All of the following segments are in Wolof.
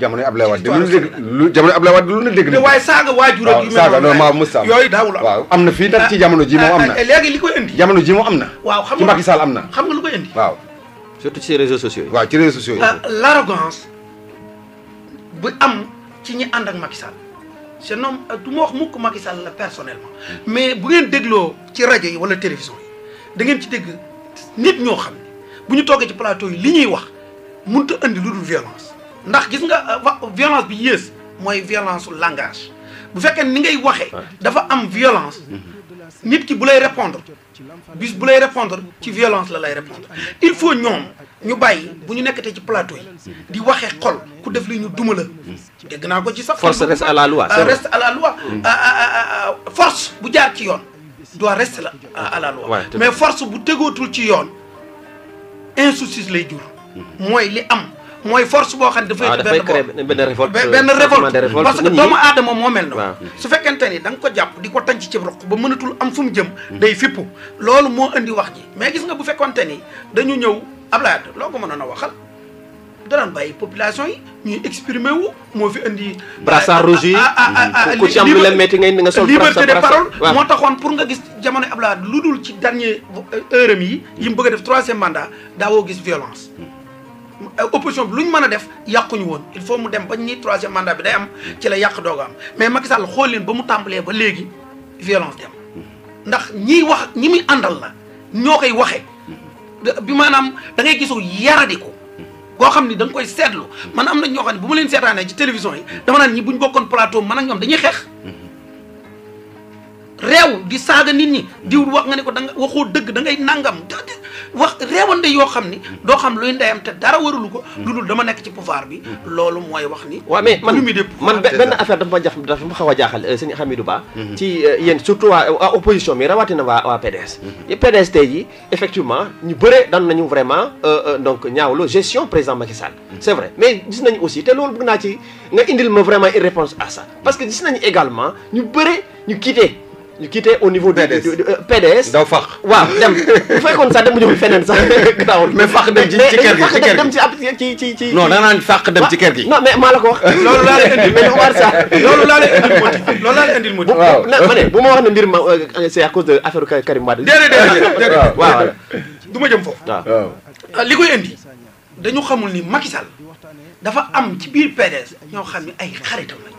jamono Abdoulaye Wade lu dégg lu jamono Abdoulaye Wade lu na dégg na waaye saaga waajur ak yu mel saaga non maa Moussa yooyu daawul am na fii nag ci ah, jamono ji moom am ah, na ah, léegi li koy jamono ji moom am na waaw xam nga ci Macky na xam nga lu koy indi waaw surtout ci réseaux sociaux yi waaw ci réseaux sociaux yi l'arrogance bu am ci ñi ànd ak Macky Sall c'est non euh, du ma wax mukk Macky la personnellement hmm. mais bu ngeen dégloo ci rajo yi wala télévision yi da ci dégg nit ñoo xam ne bu ñu toogee ci plateau yi li ñuy wax mënut indi lu dul ndax gis nga euh, violence bi yes moy violence langage bu fekkee ni ngay waxee dafa am violence nit ki bu lay répondre bis bu lay répondre ci violence la lay répondre il faut ñom ñu bayyi bu ñu nekkatee ci plateau yi di waxee xol ku def li ñu duma la dégg na ko ci sax force reste à la loi euh, reste à la loi mm. euh, force bu jaar ci yoon doit rester la à la loi mais force bu tegootul ci yoon injustice lay jur moy mm. li am moy force bo xamne dafay ben ben révolte benn révolte parce que doomu aadama mo mel su fekkente ni ko japp di ko ci rokk ba meunatul am fum jëm day fippu lolou mo andi wax ji mais gis nga bu fekkonte ni dañu ñew Ablaye loko ko mënoon a waxal danañ bàyyi population yi ñu exprimer wu mo fi andi brassard ah, rouge yi ah, ah, ku ci am lu la metti ngay nga sol liberté de parole moo pour nga gis jamono Ablaye lu ci dernier euh, heure mi yim bëgg def 3e mandat daawoo gis violence. opposition bi lu ñu mën a def yàquñu woon il faut mu dem ba ñi troisième mandat bi day am ci la yàq doog am mais Macky Sall xool leen ba mu tàmbalee ba léegi violence dem ndax ñiy wax ñi muy àndal la ñoo koy waxee bi maanaam da ngay gisu yaradi ko goo xam ni da nga koy seetlu man am na ñoo xam ne bu ma leen seetaanee ci télévision yi dama naan ñi buñ bokkoon plateau man ak ñoom dañuy xeex réew di saaga nit ñi di wax nga ne ko da nga dëgg da ngay nangam wax réewande yoo xam ni doo xam luy ndeyam te dara warulu ko lu mm. dul dama nekk ci pouvoir bi mm. loolu mooy wax ni waaw mais man man benn affaire dafa ma jax dafa ma xaw a jaaxal euh, sëñ Hamidou Ba mm-hmm. ci euh, yéen surtout waa opposition bi rawatina waa waa PDS mm-hmm. PDS tey jii effectivement ñu bëre dan nañu vraiment euh, donc ñaawlu gestion président Macky Sall mm-hmm. c'est vrai mais gis nañu aussi te loolu bëgg naa ci nga indil ma vraiment une réponse à ça parce que gis nañu également ñu bëre ñu quitté ñu quitté au niveau. PDS du PDS. Euh, daw sax dem bu feneen sax garaawul. mais fax dem ci ci kër gi ci kër gi dem naan fax dem ci kër gi. non mais maa la ko wax. loolu laa lay indil mais Omar ma wax ne mbir ma euh, c'est à cause de affaire Karim Wade. déedéet déedéet waaw waaw. du euh, li koy indi dañu xamul ni Macky dafa am ci biir PDS ñoo xam ne ay xaritam lañu.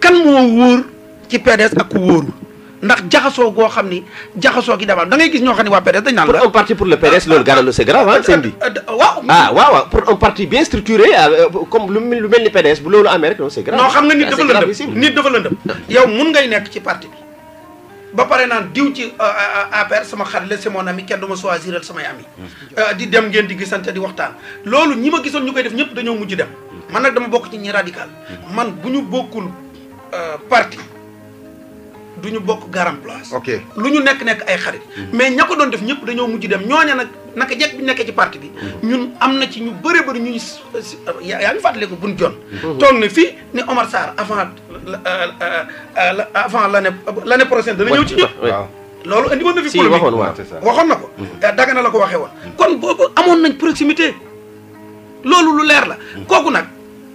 kan mo wour ci PDS ak wour ndax jaxaso go xamni jaxaso gi dama da ngay gis ño xamni wa PDS dañ naan la un parti pour le PDS loolu garalu c'est grave hein sendi euh, euh, waaw ah wa wa pour un parti bien structuré ah, euh, comme lu melni PDS bu loolu amee rek loolu c'est grave non xam nga nit ah, dafa lëndëm nit dafa lëndëm yow mun ngay nek ci parti bi ba pare nan diw ci APR sama xat la c'est mon ami kenn duma choisir sama ami hmm. di dem ngeen di gisante di waxtan loolu ñima gisone ñukay def ñep dañu mujj dem hmm. man nak dama bok ci ñi radical hmm. man buñu bokul Euh, parti du ñu bokk garam place. ok lu ñu nekk nekk ay xarit. Mm-hmm. mais ña ko doon def ñëpp dañoo mujj dem ñooña nag naka jekk bi nekkee ci parti bi. Mm-hmm. ñun am na ci ñu bëree bëri ñu yaa ngi fàttaliku buñ jon mm-hmm. toog na fii ni Omar Sarr avant euh, euh, avant la l'année prochaine dana ñëw ci ñëpp. loolu andi woon na fi. si waxoon waaw waxoon na ko. dagana la ko waxee woon. kon boobu amoon nañ proximité loolu lu leer la kooku nag.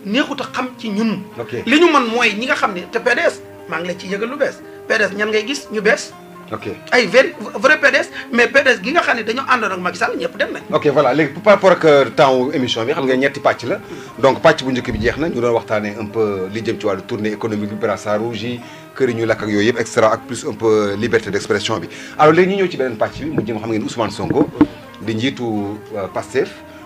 neexut a xam ci ñun. li ñu mën mooy ñi nga xam ne te PDS maa ngi la ci yëgal lu bees PDS ñan ngay gis ñu bees. ok ay vrai vrai PDS mais PDS gi nga xam ne dañoo àndoon ak Macky Sall ñëpp dem nañ. ok voilà léegi par rapport ak euh, temps émission bi xam nga ñetti pàcc la. Hmm. donc pàcc bu njëkk bi jeex na ñu doon waxtaane un peu li jëm ci wàllu tournée économique bi brassard rouge yi kër ñu lakk yooyu yëpp et cetera ak plus un peu liberté d' bi. ñu ñëw ci beneen pàcc bi mu jëm xam ngeen Ousmane Sonko di njiitu euh, Pastef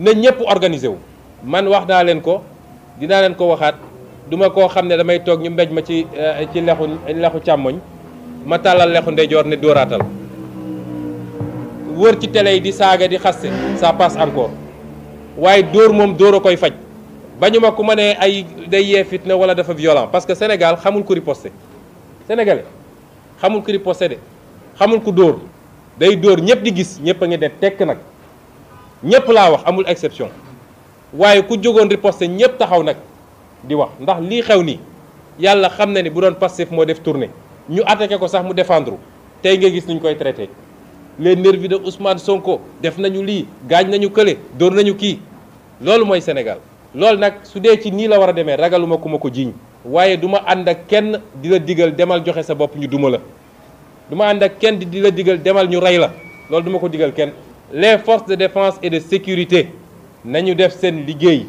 Ne ñëpp organiser wu man wax na len ko len ko waxat duma ko damay tok ñu mbéj ma ci eh, ci lexu lexu ma lexu wër ci télé di saga di xasse ça passe encore waye dor mom koy ay day yé fitna wala dafa violent parce que Sénégal xamul ku riposté sénégalais xamul ku Il dé xamul pas dor day dor di gis ñepp la wax amul exception waye ku jógoon riposte ñepp taxaw nak di wax ndax li xew ni yalla xam ni bu doon passif mo def tourner ñu attaquer ko sax mu défendre tay nga gis nuñ koy traiter les nervi de Ousmane Sonko def nañu lii gaañ nañu kele door nañu ki. loolu moy Sénégal loolu nak su dé ci ni la wara démé ragaluma ku ko jiiñ waaye du ak kenn di la digal demal joxe sa nyu ñu duma la Ken and ak kenn di la digal demal ñu ray la loolu duma ko digal kenn les forces de défense et de sécurité nañu def sen liguey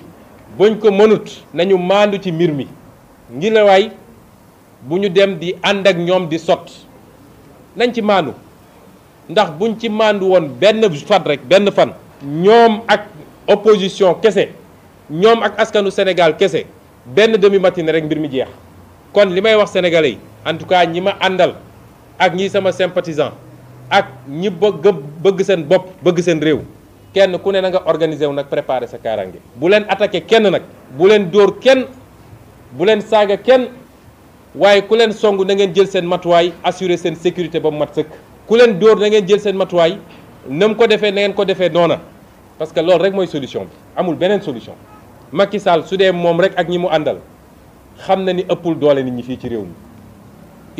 buñ ko mënut nañu mandu ci mirmi ngi dem di and ak ñom di sot nañ ci ndax buñ ci rek fan ak opposition kessé ñom ak askanu Sénégal nous ben demi matin rek mbir jeex kon limay wax sénégalais en tout cas ak sympathisant ak ñi bëgg bëgg seen bopp bëgg seen réew kenn ku ne na nga organiser wu nag préparer sa kaaraange bu leen attaqué kenn nag bu leen dóor kenn bu leen saaga kenn waaye ku leen song na ngeen jël seen matuwaay assurer seen sécurité ba mu mat sëkk ku leen dóor na ngeen jël seen matuwaay na mu ko defee na ngeen ko defee noona parce que loolu rek mooy solution bi amul beneen solution Macky Sall su dee moom rek ak ñi mu àndal xam na ni ëppul doole nit ñi fii ci réew mi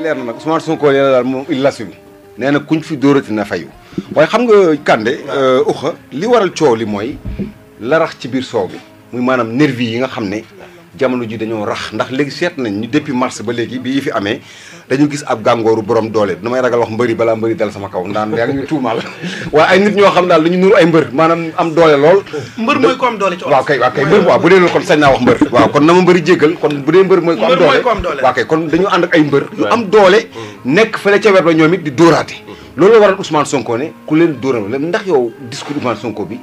mooy leer na nag Ousmane Sonko leer na daal moom il l'assume nee na kuñ fi dóorati na fayu waaye xam nga Kande euh, uxa li waral coow li mooy larax ci biir soow bi muy maanaam nervi yi nga xam ne jamono ji dañoo rax ndax léegi seet nañ ñu depuis mars ba léegi bii yi fi amee dañu gis ab gàngooru borom doole damay ragal wax mbëri balaa mbëri dal sama kaw ndaan yaa ngi ñu tuumaal waaye ay nit ñoo xam daal dañu nuru ay mbër maanaam am doole lool mbër mooy ko am doole ci waaw kay waaw kay mbër waaw bu dee loolu kon sañ naa wax mooy ko am doole waaw kay kon dañu ànd ak ay mbër yu am doole mm. nekk fële ca wet ba ñoom it di dóoraate mm. loolu la waral Ousmane Sonko ne ku leen dóoral ndax yow discours Ousmane Sonko bi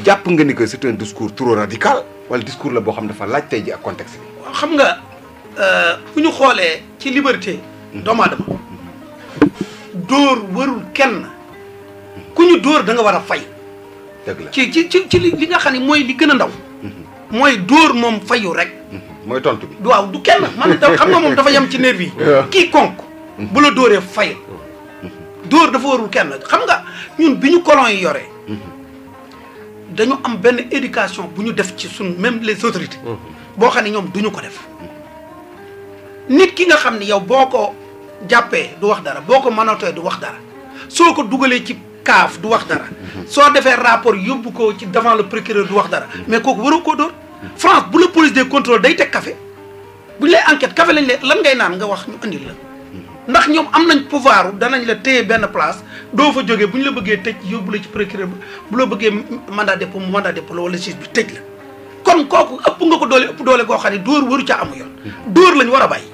jàpp nga ni que c'est un discours trop radical wala discours la boo xam dafa laaj tey ji ak contexte bi xam euh, ñu xoolee ci liberté doomu aadama dóor warul kenn ku ñu dóor da nga war a fay. dëgg la ci ci ci li nga xam ni mooy li gën a ndaw. mooy dóor moom fayu rek. mooy tontu bi waaw du kenn man da xam nga moom dafa yem ci nerf yi. kii konk bu la dóoree fay. dóor dafa warul kenn xam nga ñun bi ñu colon yi yore dañu am benn éducation bu ñu def ci suñ même les autorités. Mm-hmm. boo xam ne ñoom duñu ko def. nit ki nga xam ni yow boo ko jàppe du wax dara boo ko mënatee du wax dara soo ko dugalee ci kaaf du wax dara soo defee rapport yóbbu ko ci devant le procureur du wax dara mais kooku waroo ko dóor France bu la police de contrôle day teg kafe bu ñu lay enquête café lañ lay lan ngay naan nga wax ñu andil la ndax ñoom am nañ pouvoir danañ la téye benn place doo fa jóge bu ñu la bëggee tëj yóbbu la ci procureur bi bu la bëggee mandat dépôt mu mandat dépôt la wala juge bi tëj la kon kooku ëpp nga ko doole ëpp doole goo xam ne dóor waru ca amu yoon dóor war a bàyyi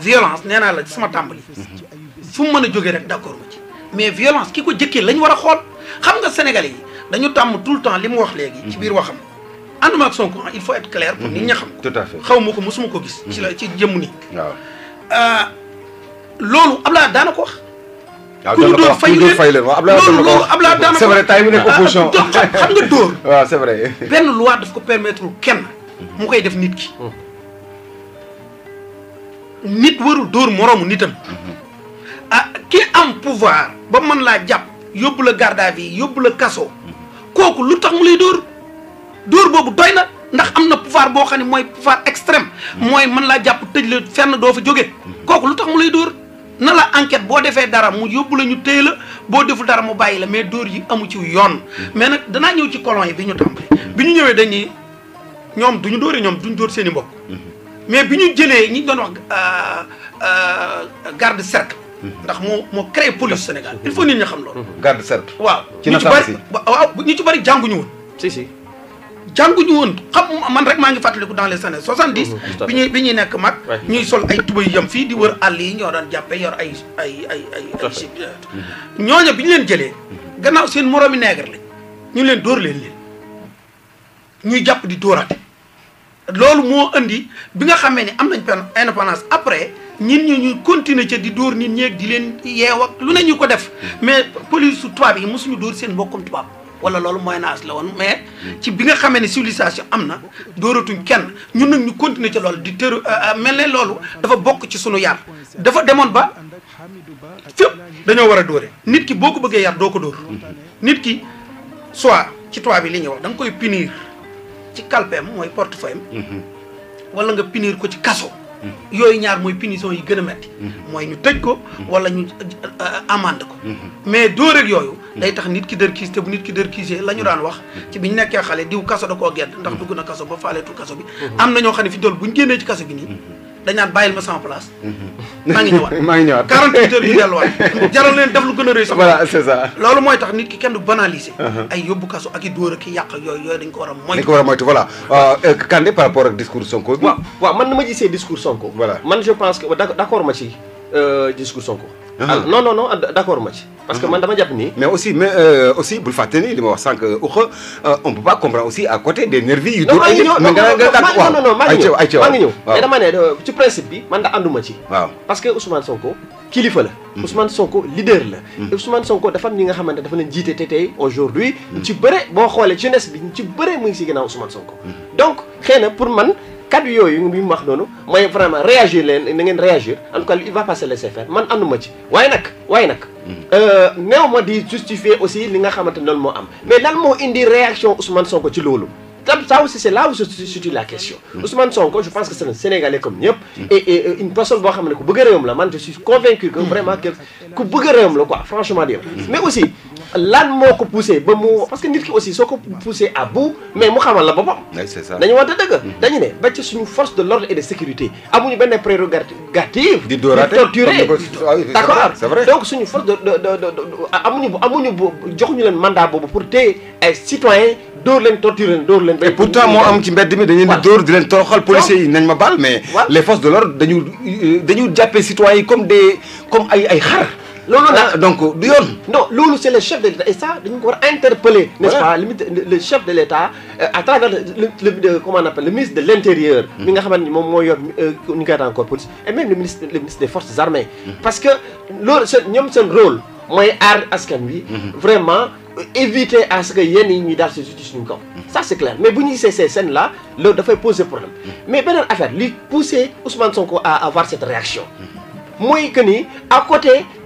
violence nee naa la sama tàmbali fu mu mën a jógee rek d'accord ma ci mais violence ki ko jëkkee lañu war a xool xam nga sénégalais yi dañu tàmm tout le temps li mu wax léegi ci biir waxam ànduma ak faut être clair pour nit xam ko tout xaw ma ko mosuma ko gis ci la ci jëmm nii euh, loolu Abdoulaye daana ko wax ku ñu dóor fay leen waaw Abdoulaye loolu loolu Abdoulaye daana ko c'est vrai tay bi nekk opposition ah, ah, ah, xam nga dóor benn loi daf ko permettre kenn mu koy def nit ki mm-hmm. nit waru dóor moroomu nitam mhm. ah ki am pouvoir ba mën laa jàpp yóbbu la garde à vue yóbbu la kaso mhm. kooku lu tax mu lay dóor dóor boobu doy na ndax am na pouvoir boo xam ne mooy pouvoir extreme mhm. mooy mën laa jàpp tëj la fenn doo fa jóge kooku lu tax mu lay dóor na la enquête boo defee dara mu yóbbu la ñu téye la boo deful dara mu bàyyi la mais dóor yi amu ci yoon mais nag danaa ñëw ci colon yi bi ñu tàmbali bi ñu ñëwee dañuy ñoom duñu dóoree ñoom duñu dóor seen i mais biñu jëlé ñi doon wax euh, euh, garde cercle. Mhm. ndax mo mo créer police Sénégal il faut nit ñi xam loolu. garde cercle. waaw ñu ci bari waaw ñu ci bari jànguñu woon. si si jànguñu woon xam man rek maa ngi fàttaliku dans les années 70. Mhm, bi ñuy bi ñuy nekk mag. ñuy sol ay tubay yam fii di wër àll yi ñoo daan jàppee yor ay ay ay ay. ay euh, mhm. ñooñu bi ñu leen jëlee. gannaaw seen moroomi neegar lañ ñu leen dóor leen leen ñuy jàpp di dóoraate. loolu moo indi bi nga xamee ne am nañ pen indépendance après ñin ñu ñuy continuer ca di dóor nit ñeeg di leen yeew ak lu ne ñu ko def mais police su tubaab yi mosuñu dóor seen mbokkum tubaab wala loolu moyen la woon mais ci bi nga xamee ne civilisation am na dóoratuñ kenn ñun nag ñu continuer ca loolu di tër euh, euh, mel ne loolu dafa bokk ci sunu yar dafa demoon ba fépp dañoo war a dóore nit ki boo ko bëggee yar doo ko dóor nit ki soit ci tubaab yi li ñuy wax da nga koy punir ci kalpeem mooy portefeuille am mhm. wala nga punir ko ci kaso mhm. yooyu ñaar mooy punition yi gën a metti mhm. mooy ñu tëj ko wala ñu euh, amande ko mais dóor ak yooyu day tax nit ki dër kiis te bu nit ki dër kiisee la ñu daan wax ci bi ñu nekkee xale diw kaso da koo gedd ndax dugg na kaso ba faaleetu kaso bi am na ñoo xam ne fi dool bu ñu génnee ci kaso bi nii dañ naan bàyyil ma sama place. Mm-hmm. maa ngi ñëwaat maa ngi ñëwaat 48 heures ñu delluwaat jaral leen def lu gën a loolu mooy tax nit ki kenn du banaliser. Uh-huh. ay yóbbu kaso ak i dóor ak i yàq yooyu yooyu war a moytu. dañ ko war a euh, euh, par rapport ak discours Sonko bi. man na ma gisee discours Sonko. man je pense que d'accord ma ci. Euh, discours Sonko. Ah. Ah, non non non ah, d'accord parce que man dama mais aussi mais euh, aussi euh, on peut pas comprendre aussi à côté des nervis non non non parce que Ousmane Sonko kilifa la. Mm. Ousmane Sonko leader la. Mm. Ousmane Sonko dafa am ñi nga xamante dafa leen aujourd'hui. tu peux bon jeunesse tu peux ci mm. donc pour man kaddu yooyu mi mu wax noonu mooy vraiment réagir leen na ngeen réagir en tout cas il va pas se laisser faire man anduma ci waaye nag waaye nag mm. euh, néew ma di justifier aussi li nga xamantene ne mo am mais lan mo indi réaction Ousmane Sonko ci loolu ça aussi c'est là où se situe la question mm. Ousmane Sonko je pense que c'est un Sénégalais comme ñep mm. et euh, une personne bo xamné ko bëgg réewam la man je suis convaincu que vraiment que ku bëgg réewam la quoi franchement di mais aussi lan moko pousser ba mo parce que nit ki aussi soko pousser à bout mais mu xamal la boppam. c'est ça dañu wante deug dañu né ba ci suñu force de l'ordre et de sécurité amuñu benn prérogative. di dooraate di torturer ah d'accord donc suñu force de de de amuñu amuñu joxuñu len mandat bobu pour té ay citoyens dóor len torturer leen len leen. et pourtant mo am ci mbéd mi dañu leen di dóor di leen toroxal policiers yi nañ ma bal mais. les forces de l'ordre dañu euh, dañu jappé citoyens comme des comme ay ay xar. Non, nag ah, donc du yoon. non Loulou c'est le chef de l'État et ça dañu ko interpeller. nest ce pas le chef de l'État euh, à travers le le comment on appelle le ministre de l'Intérieur, intérieur. Hmm. mi nga xamante ni moom moo yor ñu euh, police et même le ministre le ministre des forces armées. Hmm. parce que loolu seen ñoom rôle mooy aar askan lui hmm. vraiment euh, éviter à ce que y ait ñuy daal si suñu ça c'est clair mais bu ces scènes là doit faire poser problème mais beneen affaire li pousser Ousmane Sonko à avoir cette réaction Moi que ni à côté.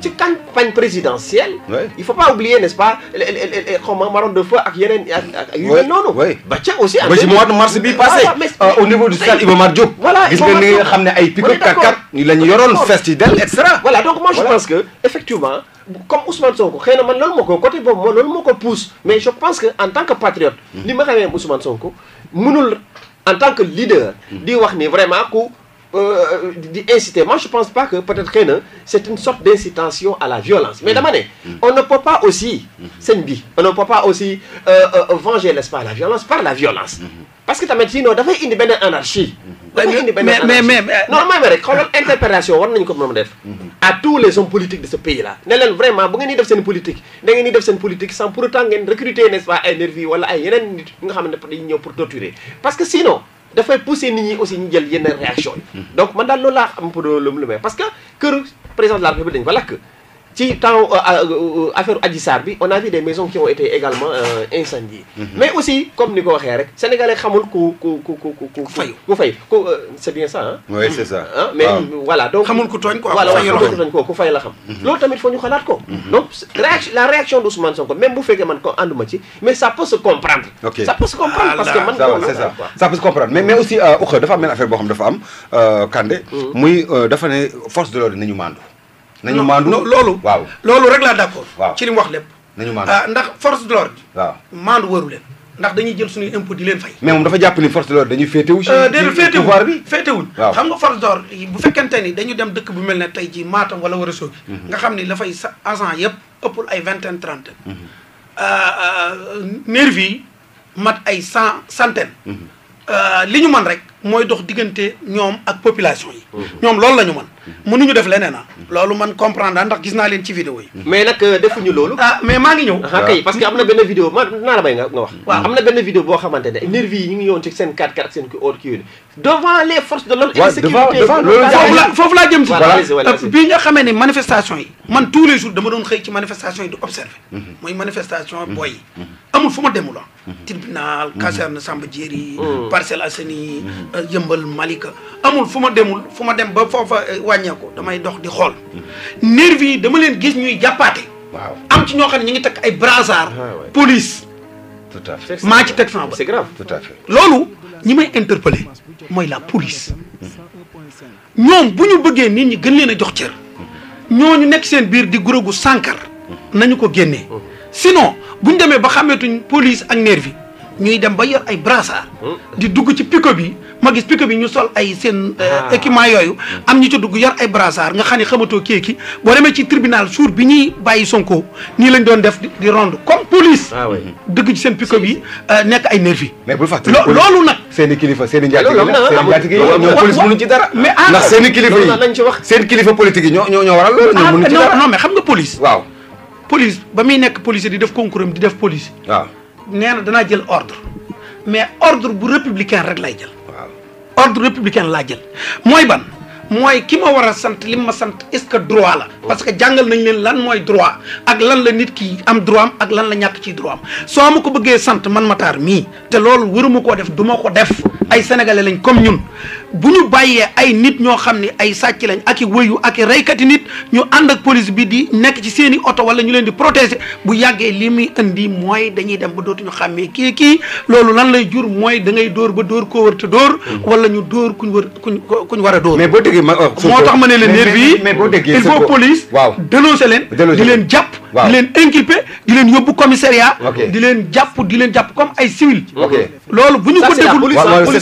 ci campagne présidentielle. il faut pas oublier n'est-ce pas comment ma de feu avec yeneen non. yu mel noonu. aussi ba moi de mars passé. Euh, au niveau du stade Iba Mar Diop. voilà gis nga ni nga xam ay pick-up kat-kat ñu la voilà donc moi je pense que effectivement. comme Ousmane Sonko xëy na man loolu côté boobu moi non pousse mais je pense que en tant que patriote. lui hmm. ma xamee Ousmane Sonko mënul en tant que leader. Hmm. di wax ni vraiment que... Euh, euh, moi je pense pas que peut-être c'est une sorte d'incitation à la violence mais mm-hmm. on ne peut pas aussi mm-hmm. on ne peut pas aussi euh, venger la violence par la violence mm-hmm. parce que tu y dit, non, anarchie anarchie mais mais à tous les hommes politiques de ce pays là vraiment politique sans pour autant recruter n'est-ce pas pour torturer parce que sinon dafay pousser ni ñi aussi ñu jël yenn réaction yi. Hmm. donc man daal loolu am pour lu may parce que këru président de la République dañ ko ci temps euh, euh, euh, affaire Adissar, bi on a vu des maisons qui ont été également incendiées. Mhm. mais aussi comme ni ko waxee rek sénégalais xamul ku ku ku ku ku fayu ku fayu bien ça hein oui c'est ça hein mais ah. voilà donc xamul ku tooñ quoi voilà xamul ku tooñ ko ku fay la xam. Mhm. loolu tamit foo ñu ko. Mhm. donc la réaction d' Ousmane Sonko même bu fekkee man ko ànduma ci mais ça peut se comprendre. ça peut se comprendre parce que man. ça ça ça peut se comprendre mais mais aussi Oukha dafa am benn affaire boo xam dafa am Kande. muy dafa ne force de l'ordre nañu nañu maandu loolu. waaw loolu rek laa d' accord. waaw ci li wax lépp. nañu maandu ah, ndax force de l' ordre. waaw maandu waru ndax dañuy jël suñuy impôt di leen fay. mais moom dafa jàpp ni force de l'ordre dañuy féetewu. ci euh, ci pouvoir bi féetewuñ xam nga force de l'ordre bu fekkente ni dañu dem dëkk bu mel ne tey jii Matam wala Ourossogui. Mhm. nga xam ni dafay sa agent yëpp ëppul ay vingtaine trentaine. Mhm. Euh, euh, nervi mat ay cent centaine. Mhm. li ñu man rek. mooy dox diggante ñoom ak population yi. Mhm. ñoom loolu la ñu mën. Mhm. mënuñu def leneen ah. loolu man comprendre daal ndax gis naa leen ci vidéo yi. mais nag euh, defuñu loolu. ah mais maa ngi ñëw. waaw kay parce que am na benn vidéo ma naa la may nga wax. waaw am laa jëm si. bi nga xamee ne manifestation yi. man tous les jours dama doon xëy ci manifestation yi di observer. Mhm. mooy manifestation booy yi. amul fu ma demul ah. tribunal yembal Malika amul fuma demul fuma dem ba fofa eh, wagneko damay dox di mm-hmm. nervi police tout à fait c'est grave tout à fait lolu ñi may interpellé moy la police mm-hmm. ñoom buñu bëggé nit ñi gën jox cër mm-hmm. ñoñu nek seen ko sinon buñu démé ba police ak ñuy dem ba yor ay brassard hmm. di dugg ci pick-up bi ma gis bi ñu sol ay seen euh, ah. équipement yooyu hmm. am ñu ci dugg yor ay brassard nga xam ne xamatoo kéeki boo demee ci tribunal jour bi ñuy bàyyi Sonko nii lañ doon def di ronde comme police ah dëgg ci seen pick-up euh, nekk ay nervi mais bu fàttali loolu seen i kilifa seen i njaatige seen njaatige ñoom police mënuñ seen i kilifa seen kilifa politique ñoo ñoo ñoo waral loolu ñoom ah, mënuñ nga police waaw police ba muy nekk policier di def concours am di def police waaw nee na danaa jël ordre mais ordre bu républicain rek lay jël. waaw ordre républicain laa jël mooy ban. mooy ki ma war a sant li ma sant est-ce que droit la oh. parce que jàngal nañ leen lan mooy droit ak lan la nit ki am droit ak lan la ñàkk ci droit am soo ma ko bëggee sant man ma Matar mii te loolu waruma koo def duma ko def ay sénégalais lañ comme ñun buñu bayé ay nit ño xamni ay sacc lañ ak wayu ak raykati nit ñu and ak police bi di nek ci seeni auto wala ñu leen di protéger bu yagge li muy indi mooy dañuy dem ba ñu xamé ki ki lolu lan lay jur moy da ngay door ba door ko wër te dóor hmm. wala ñu door kuñ wër kuñ wara door mais bo déggé ma oh, tax ma ne yi il faut police dénoncer leen di leen japp di leen inculper di leen yobbu commissariat di leen japp di leen japp comme ay civil lolu buñu ko deful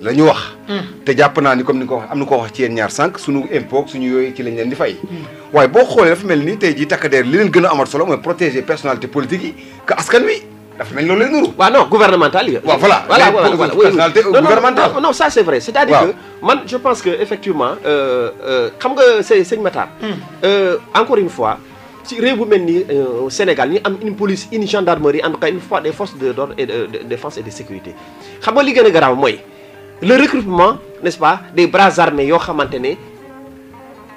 la ñu wax. Hmm. té comme ni ko na ko wax ci yeen ñaar sank. suñu impôt suñu yoy ci lañ di fay. dafa politique askan dafa mel non gouvernemental voilà voilà personnalité non ça c'est vrai cest à dire que je pense que effectivement euh, euh, xam nga hmm. euh, encore une fois. ci réew bu melni Sénégal am une police une gendarmerie en une fois des forces de de défense et de sécurité le recrutement n'est-ce pas des bras armés yo xamantene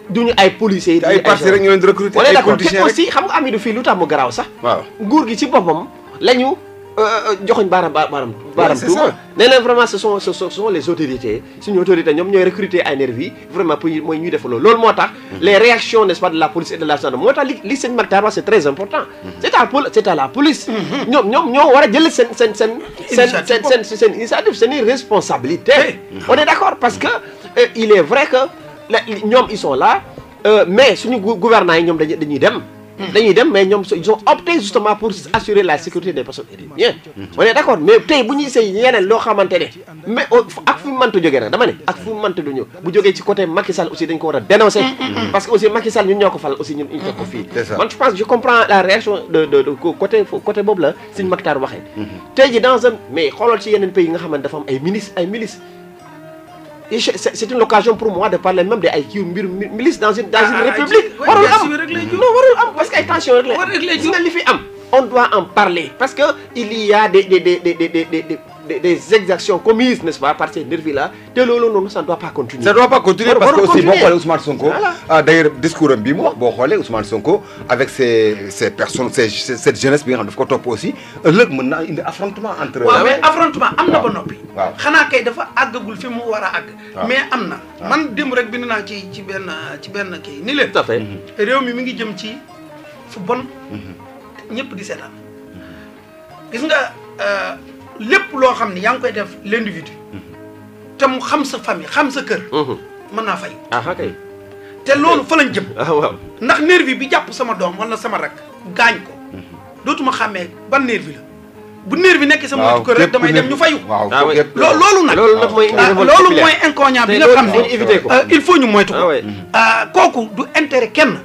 duñu ay policiers ay partis rek ñu leen di recruter ay politiciens rek aussi xam nga ami du fi lutam mu garaaw sax. waaw nguur gi ci bopam lañu euh, euh, c'est vraiment ce sont les autorités recruter nervi pour mm. les réactions nest de la police et de la gendarmerie c'est très important mm-hmm. c'est à la police mm-hmm. Nous, responsabilité on est d'accord parce que euh, est vrai que les ils sont là mais suñu Mm-hmm. dañuy dem mais ñoom ils ont opté justement pour assurer la sécurité des personnes et eh des mm-hmm. on est d'accord. mais tey bu ñuy sëy yeneen loo xamante ne mais ak fu mu mënta jógee nag dama ne ak fu mu mënta du bu jógee ci côté Macky Sall aussi dañ ko war dénoncer mm-hmm. parce que aussi Macky Sall ñun ñoo ko fal aussi ñun ñu teg ko fii man je pense je comprends la réaction de de côté côté boobu là, Serigne Mactar waxee tey ji dans un mais xoolal ci yeneen pays yi nga xamante dafa am ay ministres ay milices c'est une occasion pour moi de parler même de ay kii milice dans une dans une république warul am non warul am parce que ay tension rek la gis nga li fi am on doit en parler parce que il y a des, des des des des des des, des, exactions commises, n'est-ce pas, par ces nervis-là, de loolu non, ça ne doit pas continuer. ça ne doit pas continuer parce que aussi bon xoolee Ousmane Sonko. voilà ah d'ailleurs discours am bii moom boo Ousmane Sonko avec ces ces personnes ces cette jeunesse bi nga xam daf ko topp aussi ëllëg mën naa indi affrontement entre. waaw mais affrontement amna na ba noppi. waaw kay dafa àggagul fi mu wara ag mais amna, man dem rek bind ci ci ben ci ben kay ni le tout à fait mm-hmm. réew mi mi ngi jëm ci fu bon. Mm-hmm. ñepp di sétal gis nga. Euh, lépp loo xam ne yaa ngi koy def l'individu te mu xam sa famille xam sa kër mhm. mën naa fay ah kay te loolu fa lañ jëm ah, waaw ndax nervi bi jàpp sama doom wala sama rak gaañ ko mhm. dootuma xàmmee ban nervi la bu nervi nekk sama watu kër rek damay dem ñu fayu ah, loo loolu nag loolu mooy ah, inconvénient bi nga xam ne euh, il faut ñu moytu ko mhm. kooku du intérêt kenn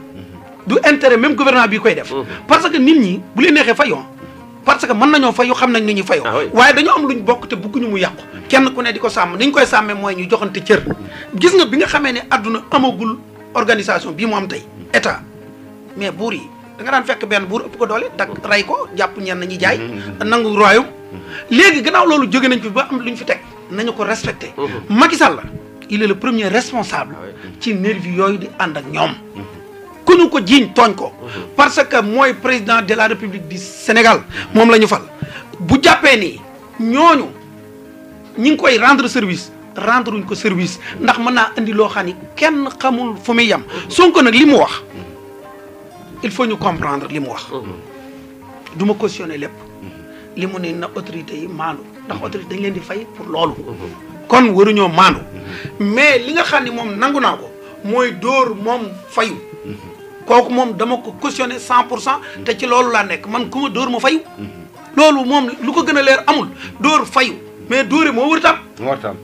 du intérêt même gouvernement bii koy def parce que nit ñi bu leen neexee fayon parce que mën nañoo yu xam nañ ni ñuy fayoo ah waaye dañoo am luñ bokk te bëgguñu mu yàqu kenn ku ne di ko sàmm ni ñu koy sàmmee mooy ñu joxante cër gis nga bi nga xamee ne àdduna amagul organisation bii mu am tey état mais buur yi danga daan fekk benn buur ëpp ko doole dak rey ko jàpp ñenn ñi jaay mm-hmm. Mm-hmm. nangu royaume mm-hmm. léegi gannaaw loolu jóge nañ fi ba am lu luñ fi teg nañu ko respecté Macky Sall il est le premier responsable ah ci nervi yooyu di ànd ak ñoom ku ñu ko jiiñ tooñ ko. Mhm. parce que mooy président de la république du Sénégal moom la ñu fal. bu jàppee ni ñooñu ñi ngi koy rendre service rendre wuñ ko service ndax mën naa andi loo xam ni kenn xamul fu yam yem. Mhm. Sonko nag li mu wax il faut ñu comprendre li mu wax. Mhm. du ma cautionner lépp. li mu ne na autorité yi maandu ndax autorité dañ leen di fay pour loolu. kon waruñoo maandu. mais li nga xam ni moom nangu naa ko. mooy dóor moom fayu kooku moom dama ko cautionné cent pour cent te ci loolu laa nekk man ku ma dóor ma fayu mhm. loolu moom lu ko gën a leer amul dóor fayu mais dóore moo wërtam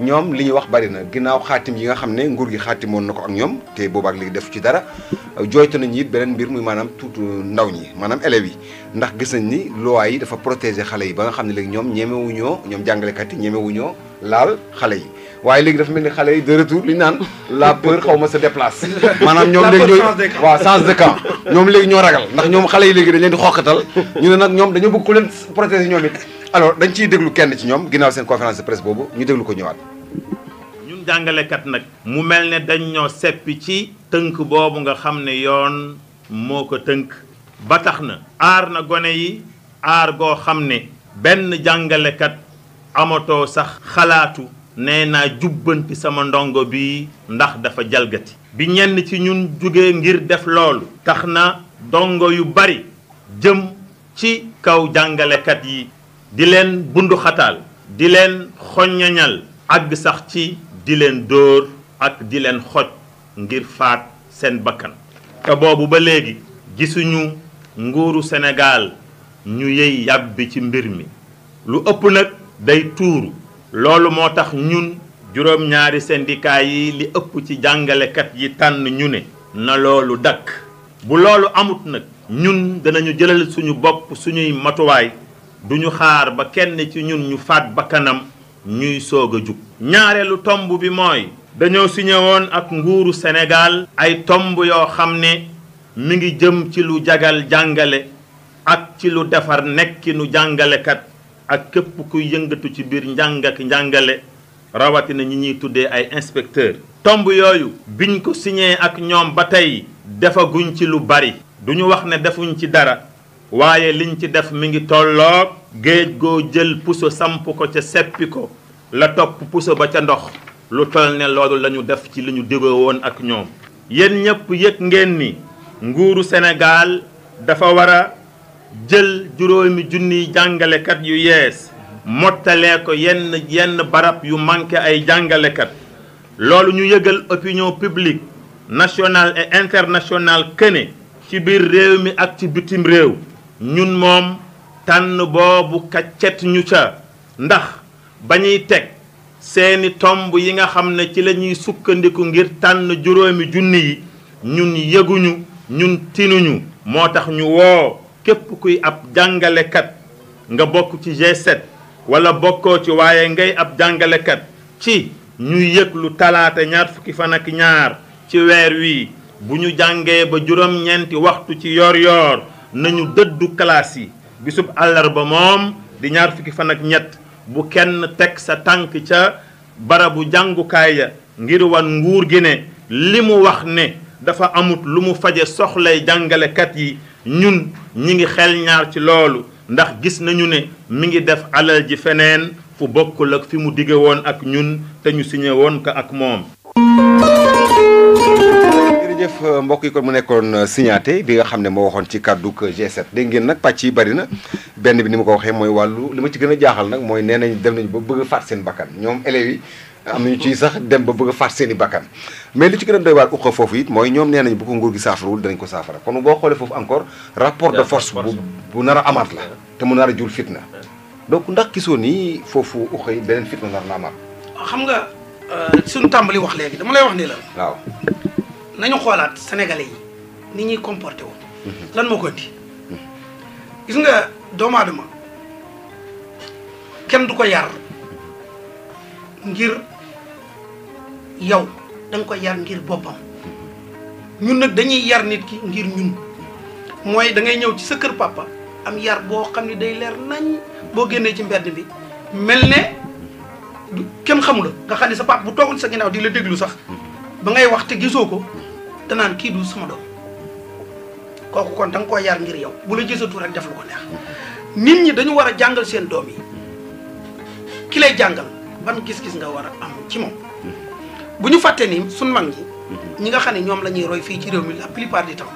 ñoom li ñu wax bari na ginnaaw xaatim yi nga xam ne nguur gi xaatimoon na ko ak ñoom te boobaak léegi def ci dara jooytu nañu it beneen mbir muy maanaam tout ndaw ñi maanaam élèves yi ndax gis nañ ni loi yi dafa protéger xale yi ba nga xam ne léegi ñoom ñemewuñoo ñoom jàngalekat yi ñemewuñoo laal xale yi waaye léegi dafa mel ni xale yi de retour li ñu naan la peur xaw ma se déplace maanaam ñoom léegi ñooy waaw change de ñoo ragal ndax ñoom xale yi léegi dañ leen di xookatal ñu ne nag ñoom dañoo bëgg ku ñoom it alors dañ ciy déglu kenn ci ñoom ginnaaw seen conférence de presse boobu ñu déglu ko ñëwaat. ñun jàngalekat nag. mu mel ne dañ ñoo ci tënk boobu nga xam ne yoon moo ko tënk. ba tax na aar na gone yi aar goo xam ne benn jàngalekat amatoo sax xalaatu nee naa jubbanti sama ndongo bi ndax dafa jalgati. bi ñenn ci ñun jóge ngir def loolu. tax na ndongo yu bari jëm ci kaw jàngalekat yi. di leen bunduxataal di leen xoññañal àgg sax ci di leen dóor ak di leen xoj ngir faat seen bakkan te boobu ba léegi gisuñu nguuru senegaal ñu yëy bi ci mbir mi lu ëpp nag day tuuru loolu moo tax ñun juróom-ñaari syndicat yi li ëpp ci jàngalekat yi tànn ñu ne na loolu dakk bu loolu amut nag ñun dinañu jëlal suñu bopp suñuy matuwaay du ñu xaar ba kenn ci ñun ñu faat bakkanam ñuy soog a jug ñaareelu tomb bi mooy dañoo signé woon ak nguuru Sénégal ay tomb yoo xam ne mu ngi jëm ci lu jagal jàngale ak ci lu defar nekkinu jàngalekat ak képp kuy yëngatu ci biir njàng ak njàngale rawatina ñi ñuy tuddee ay inspecteur tomb yooyu biñ ko signé ak ñoom ba tey defaguñ ci lu bari duñu wax ne defuñ ci dara waaye liñ ci def mi ngi tolloog géej goo jël puso samp ko ca seppi ko la topp puso ba ca ndox lu toll ne loolu lañu def ci li ñu déggoo woon ak ñoom yéen ñëpp yëg ngeen ni nguuru Sénégal dafa war a jël juróomi junniy jàngalekat yu yees mottalee ko yenn yenn barab yu manqué ay jàngalekat loolu ñu yëgal opinion publique nationale et internationale këne ci biir réew mi ak ci bitim réew ñun moom tànn boobu kaccet ñu ca ndax bañuy teg seeni tomb yi nga xam ne ci lañuy sukkandiku ngir tànn juróomi junni yi ñun yëguñu ñun tinuñu moo tax ñu woo képp kuy ab jàngalekat nga bokk ci G7 wala bokkoo ci waaye ngay ab jàngalekat ci ñu yëg lu talaata fan ak ñaar ci weer wi bu ñu jàngee ba juróom-ñeenti waxtu ci yoor-yoor nañu dëddu classe yi bisub àllarba moom di ñaar fukki fan ak ñett bu kenn teg sa tànk ca barabu jàngukaay ya ngir wan nguur gi ne li mu wax ne dafa amut lu mu faje soxlay jàngalekat yi ñun ñi ngi xel ñaar ci loolu ndax gis nañu ne mi ngi def alal ji feneen fu bokkul ak fi mu dige woon ak ñun te ñu signé woon ko ak moom jërëjëf euh, mbokk yi kon mu nekkoon euh, signaté bi nga xam ne moo waxoon ci kàddug G7 dégg ngeen nag pàcc yi bari na benn bi ni ma ko waxee mooy wàllu li ma ci gën a jaaxal nag mooy nee nañ dem nañ ba bëgg a faat seen bakkan ñoom élèves yi am ñu ciy sax dem ba bëgg a faat seen i bakkan mais li ci gën a doy waar uqa foofu it mooy ñoom nee nañ bu ko nguur gi saafarawul danañ ko saafara kon boo xoolee foofu encore rapport de force bu bu nar a amaat la te mu nar a jul fitna donc ndax gisoo ni foofu uqa yi beneen fitna nar na amaat xam nga euh, suñu tàmbali wax léegi dama lay wax ni la waaw nañu xolaat sénégalais yi ni ñi comporté wu mhm. lan moko ko indi mhm. gis nga doom adama kenn du ko yar ngir yow dang ko yar ngir bopam mhm. ñun nak dañuy yar nit ki ngir ñun moy da ngay ñew ci sa kër papa am yar boh xamni day leer nañ bo génné ci mbedd bi melne kenn xamul nga xam sa papa bu togul sa ginaaw di la déglu sax ba ngay wax te gisoko danaan kii du suma doom kooku kon da nga koo yar ngir yow bu la gisatu rek def lu ko neex nit ñi dañu war a jàngal seen doom yi ki lay ba ban gis-gis nga war a am ci bu ñu fàtte nii sun mag ñi ñi nga xam ne ñoom la ñuy roy fii ci réew mi la plupart du temps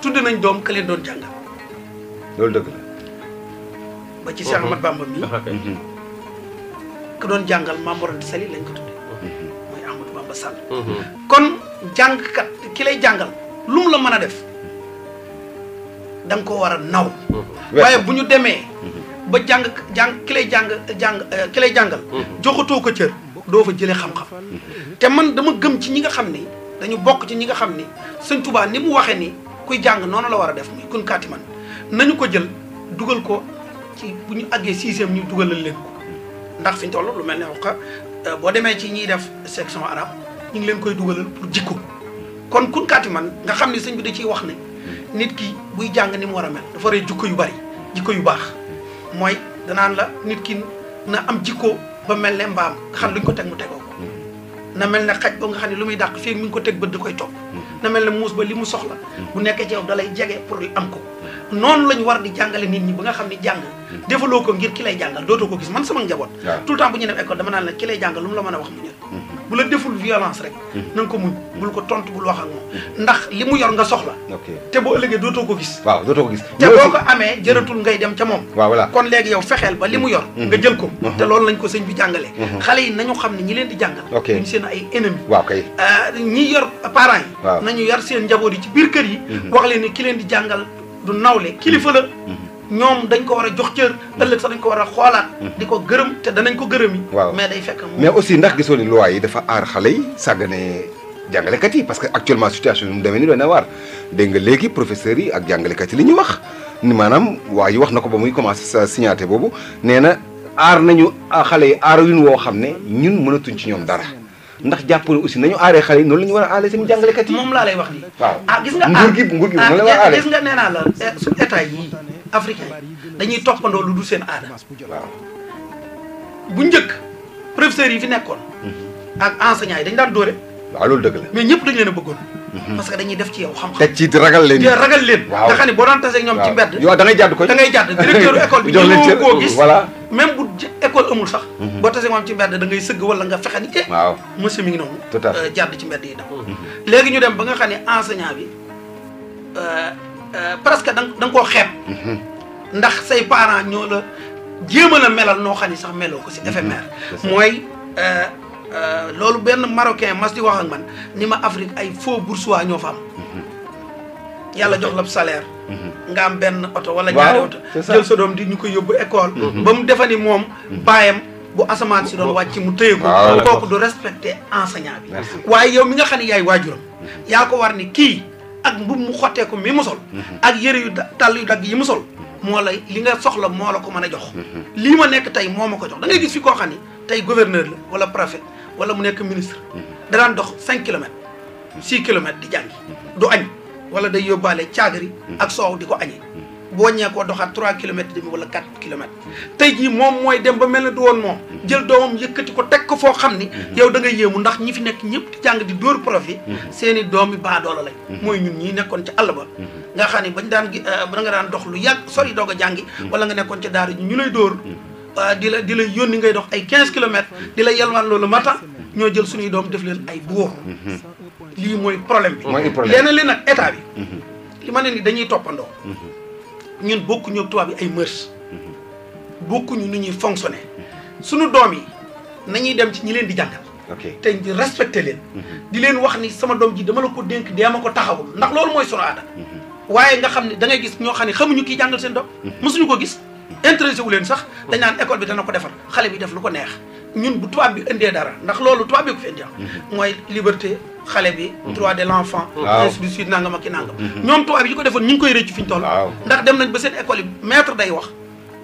tudd nañ doom ka leen doon jàngal loolu dëgg la ba ci Cheikh mat Bamba mi ka doon jàngal Maam Mor Anta Sali lañ ko tudde mm-hmm. sall kon jàngkat ki lay jàngal lu mu la mën a def danga nga ko war a naw waaye bu ñu demee ba jàng jàng ki lay jàng jàng euh, ki lay jàngal joxatoo ko cër doo fa jëlee xam-xam te man dama gëm ci ñi nga xam ni dañu bokk ci ñi nga xam ni sëñ Tuubaa ni mu waxee ni kuy jàng noonu la war a def muy kun kaati man nañu ko jël dugal ko ci bu ñu àggee sixième ñu dugalal leen ko ndax fi ñu lu mel ne euh, wax boo demee ci ñiy def section arab ñu ngi leen koy dugalal pour jikko kon kunkaati man nga xam ne sëñ bi da ciy wax ne nit ki buy jàng ni mu war a mel dafa rey jikko yu bari jikko yu baax mooy danaan la nit ki na am jikko ba mel ne mbaam nga xam luñ ko teg mu tegoo ko na mel ne xaj ba nga xam ne lu muy dàq fii mi ngi ko teg bët da koy topp mm. na mel ne muus ba li mu soxla mm. bu nekkee ci yow dalay jege pour am ko non lañ war di jàngale nit ñi ba nga xamni ne jàng hmm. defaloo ko ngir ki lay jàngal doto ko gis man sama njabot tout temps bu ñu dem école dama naan la ki lay jàngal lu mu la mën a wax mu ñu hmm. bu la deful violence rek hmm. na nga ko muñ bul ko tontu bul wax ak moom ndax li mu yor nga soxla te boo ëllëgee doto ko gis waaw doto ko gis te boo ko amee jëratul ngay dem ca moom waaw voilà kon léegi yow fexeel ba li mu yor nga jël ko te loolu lañ ko sëñ bi jàngalee xale yi nañu xam ne ñi leen di jàngal ñu seen ay ennemi waaw kay euh, ñi yor parents yi nañu yar seen njaboot yi ci biir kër yi wax leen ne ki leen di jàngal du nawle kilifa la. Mm-hmm. ñoom dañ ko war a jox cër. Mm-hmm. ëllëg sax dañ ko war a xoolaat. Mm-hmm. di ko gërëm te danañ ko gërëm waaw mais day fekk mais aussi ndax gisoo ni loi yi dafa aar xale yi sàggane jàngalekat yi parce que actuellement situation bi mu demee nii doy na waar dégg nga léegi professeurs yi ak jàngalekat yi li ñu wax ni maanaam waa yi wax na ko ba muy commencé sa signaté boobu nee na aar nañu ah, xale yi aar yu woo xam ne ñun mënatuñ ci ñoom dara. ndax jàpp ne aussi nañu aaree xale yi noonu la ñu war a aaree seen jàngalekat yi. moom laa lay wax ah gis nga aar ah, nguur gi ah, la war a aaree gis nga nee naa la eh, suñu état yi africain dañuy toppandoo lu dul seen aada. bu njëkk professeurs yi fi nekkoon. Mhm. ak enseignants yi dañ daan dóore. waaw loolu dëgg la mais ñëpp dañ leen a bëggoon. Mhm. parce que dañuy def ci yow xam-xam. teg ci ne boo daan tasee ñoom ci mbedd. waaw da ngay jàdd koy da ngay jàdd directeur école bi. jox koo gis voilà. bu école amul sax. Mhm. boo tasee moom ci mbedd da ngay sëgg wala nga fexe ni. Eh, waaw monsieur mi noonu. Euh, jàdd ci mbedd yi daw. Mhm. léegi ñu dem ba nga xam ne enseignant bi euh, euh, presque da nga koo xeeb. ndax say parents ñoo la jéem a melal noo xam ne sax meloo ko si éphémère. mooy Euh, loolu benn marocain mas di wax man ni ma Afrique ay faux bourgeois ñoo fa am. Mhm. yàlla jox la salaire. Mhm. nga am benn oto wala ñaari oto. jël sa doom di ñu koy yóbbu école. Mhm. ba mu defa moom baayam bu asamaan si doon wàcc mu téye ko kooku du respecté enseignant bi. waaye yow mi nga xam ne yaay waajuram. yaa ko war ni kii ak mbub mu xotteeku mi mu sol. ak yëre yu tàll yu dagg yi mu sol. moo lay li nga soxla moo la ko mën a jox. lii ma nekk tey moo ma ko jox da ngay gis fi koo xam ni tey gouverneur la wala préfet wala mu nekk ministre. danaan dox cinq kilomètres 6 kilomètres di jàngi. du añ wala day yóbbaale caagari. ak soow di ko añee. boo ñee koo doxaat 3 kilomètres demi wala 4 kilomètres. tey jii moom mooy dem ba mel ne du woon moom. jël doomam yëkkati ko teg ko foo xam ni. yow da ngay yéemu ndax ñi fi nekk ñëpp di jàng di dóor profit. Mhm. seeni i doom yi baadoola lañ. Mhm. mooy ñun ñii nekkoon ci àll nga xani bañ daan eh, ba nga daan dox lu yag sori doga jangi hmm. wala nga nekkon ci daara ñu lay dóor di hmm. dila di la ngay dox ay 15 km dila la lolu mata ño jël suñu doom def leen ay buur hmm. li moy problème bi leneen li nak état bi li mané ni dañuy topando ñun bokku ñu tuwa bi ay mœurs bokku ñu ñuy fonctionner suñu doom yi nañuy dem ci ñi leen di jangal okay te di respecté leen di leen wax ni sama doom ji dama la ko denk dama ko taxawul ndax loolu mooy sunu aada waaye nga xam ne da gis ñoo xam ne xamuñu kii jàngal seen doom mm-hmm. mosuñu ko gis intéressé leen sax mm-hmm. dañ naan école bi dana ko defar xale bi def lu ko neex ñun bu tubaab bi indee dara ndax loolu tubaab bi ko fi indi mm-hmm. mooy liberté xale bi droit de l'enfant ainsi de suite nangam ak ki nangam ñoom tubaab yi ko defoon ñu ngi koy rëcc fi ñu toll ndax dem nañ ba seen école yi maître day wax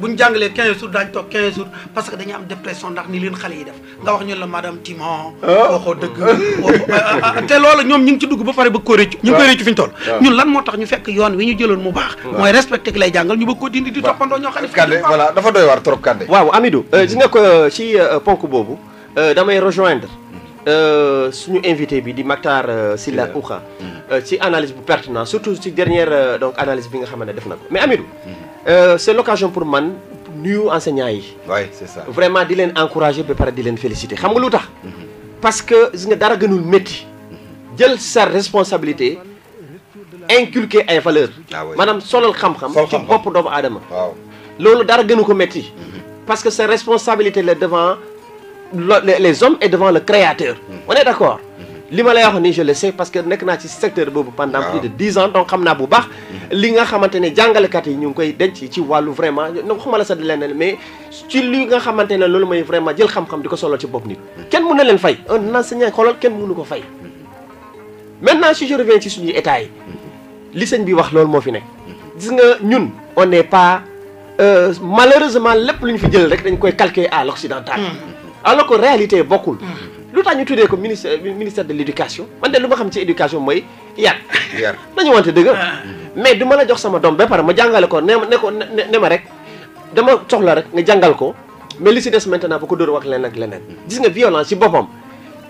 bu ñu 15 jours dañ tok 15 jours parce que dañuy am dépression ndax ni leen xale yi def nga wax ñu la madame Timon. waxo deug té loolu ñom ñing ci dugg ba pare ba koo réccu. ñu ngi koy ah. réccu fi ñu toll. Ah. ñun lan motax ñu fekk yoon wi ñu jëloon mu baax. Ah. moy respecté ki lay jàngal ñu bëgg ko dindi di topando ño xam ne. voilà dafa doy war trop Kande. waaw Amidou euh, gis nga ko euh, ci euh, ponk boobu damay rejoindre mm. suñu invité bi di maktar Sylla ouha mm. ci analyse bu pertinent surtout ci dernière donc analyse bi nga xamné def na mais Amidou mm. Euh, c'est l'occasion pour moi de enseignants Oui, c'est ça vraiment de encourager ba pare de féliciter xam nga mhm. parce que nous nga dara gënul métti. Mhm. sa responsabilité. inculquer ay valeurs. Ah Madame, solal xam-xam. ci bopp doomu aadama. loolu dara gënu ko mhm. parce que sa responsabilité est devant les hommes et devant le créateur. on est d'accord lima lay wax ni je le sais parce que nek na ci secteur bobu pendant plus de 10 ans donc xamna bu baax mm-hmm. li nga xamantene ne kat yi ñu koy denc ci walu vraiment donc xuma la sax leneen mais ci li nga xamantene lolu may vraiment jël xam-xam diko solo ci bopp nit mm-hmm. ken mu na len fay un enseignant xolal ken mu mënu ko fay mm-hmm. maintenant si je reviens ci suñu état yi li señ bi wax lolu mo fi nek gis nga ñun on n'est pas euh, malheureusement lepp luñ fi jël rek dañ koy calquer à l'occidental alors que réalité bokkul lu tax ñu tuddee ko eh, ministère ministère de l'éducation man de lu ma xam ci éducation moy yar. yar dañu wante dëgg. Ah. mais duma la jox sama dom ba pare ma jangalé ko ne ma ko ne ma rek dama soxla rek nga jangal ko mais li ci dess maintenant bu ko dóor wax leneen ak leneen. gis nga violence ci bopam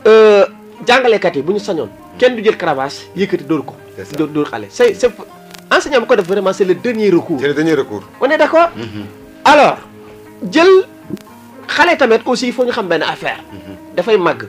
euh jangalé kat yi buñu sañon sañoon kenn du jël cravache yëkëti dóor ko. dóor dóor xale c'est est enseignant ko def vraiment c'est le dernier recours. c'est le dernier recours. on est d'accord mm-hmm. alors jël xalé tamit aussi il faut ñu xam ben affaire. da mm-hmm. dafay màgg.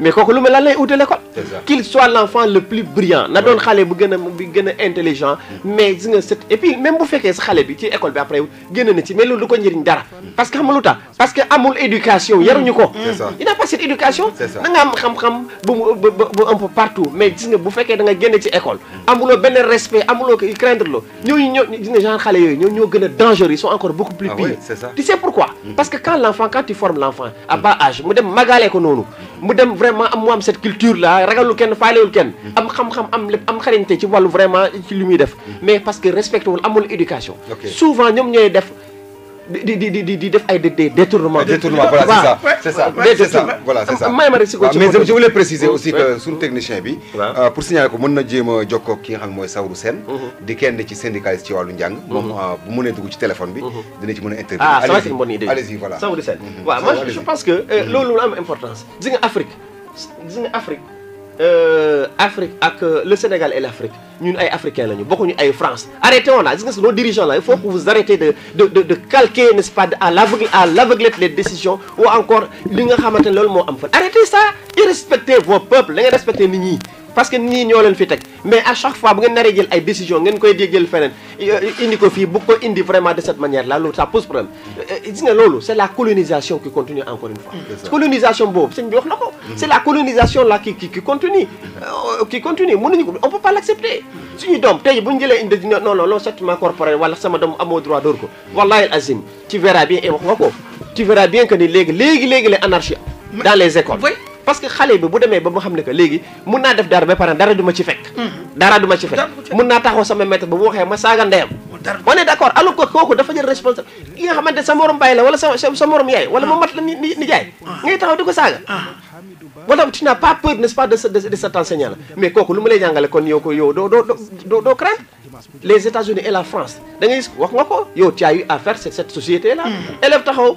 mais quand lu mel lan lay l'école qu'il soit l'enfant le plus brillant na doon xale bu gën bu intelligent mm. mais gis et puis même bu fekkee sa ce bi ci école bi après génn na ci mais loolu du ko njëriñ dara parce que xam lu parce que amul éducation yaruñu il n'a pas cette éducation da nga xam-xam bu un peu partout mais gis nga bu fekkee da nga génn ci école mm. amuloo benn respect amuloo craindre loo ñooñu ñoo gis nga genre gens yooyu ñoo ñoo gën dangereux ils sont encore beaucoup plus ah pires tu sais pourquoi mm. parce que quand l'enfant quand tu formes l'enfant à bas âge mu dem magalee ko noonu mu dem vraiment am am cette culture là ragalul kenn faalewul kenn. Mm-hmm. am xam-xam am lépp am xarañte ci wàllu vraiment ci li def. Mm-hmm. mais parce que respecté wul amul éducation. souvent ñoom ñooy def. di di di di def ay des détournements. détournements voilà c'est ça c'est ça voilà c'est ça mais je voulais préciser aussi que suñu technicien bi. Euh, pour signaler ko mën na jéem a jokkoo ki nga xam mooy Saourou Sène. Mm-hmm. di kenn ci syndicaliste ci wàllu njàng. moom euh, bu mënee dugg ci téléphone bi. dina ci mën a intervenir. ah ça c'est une bonne idée allez-y voilà Saourou Sène. waaw man je pense que euh, loolu am importance. gis Afrique gis l'Afrique, Afrique euh, Afrique euh, le Sénégal et l'Afrique ñun ay africains nous sommes ay France Arrêtez on là que c'est nos dirigeants là il faut que vous arrêtez de de de calquer n'est-ce pas à l'aveugle l'aveuglette les décisions ou encore li nga arrêtez ça et respectez vos peuples respectez respectez gens parce que mais à chaque fois que ngeen des décisions vraiment de cette manière là ça pose problème euh, euh, C'est la colonisation qui continue encore une fois colonisation mm-hmm. c'est la colonisation là qui continue qui continue euh, peut pas l'accepter. nous nous nous une non droit tu verras bien tu verras bien que les dans les écoles parce que xalé bi bu démé ba mu xamné ne que légui mën na def dara ba pare dara duma mhm. ci fekk dara duma ci fekk mën na taxaw sama maître ba bu waxee ma saaga ndeyam oh, on est d'accord alors que koku dafa jël responsable ki nga xamanté sa morom bàyyi la wala sa sa morom yaay wala mo mat la ni jaay ah. ngay taxaw diko saga wala ah. tu n'as pas peur n'est-ce pas de, de, cet enseignant mais koku lu mu lay jangalé kon yow ko yow do do doo craindre les États-Unis et la France da ngay wax nga ko yow tu as eu cette société là mhm. élève taxaw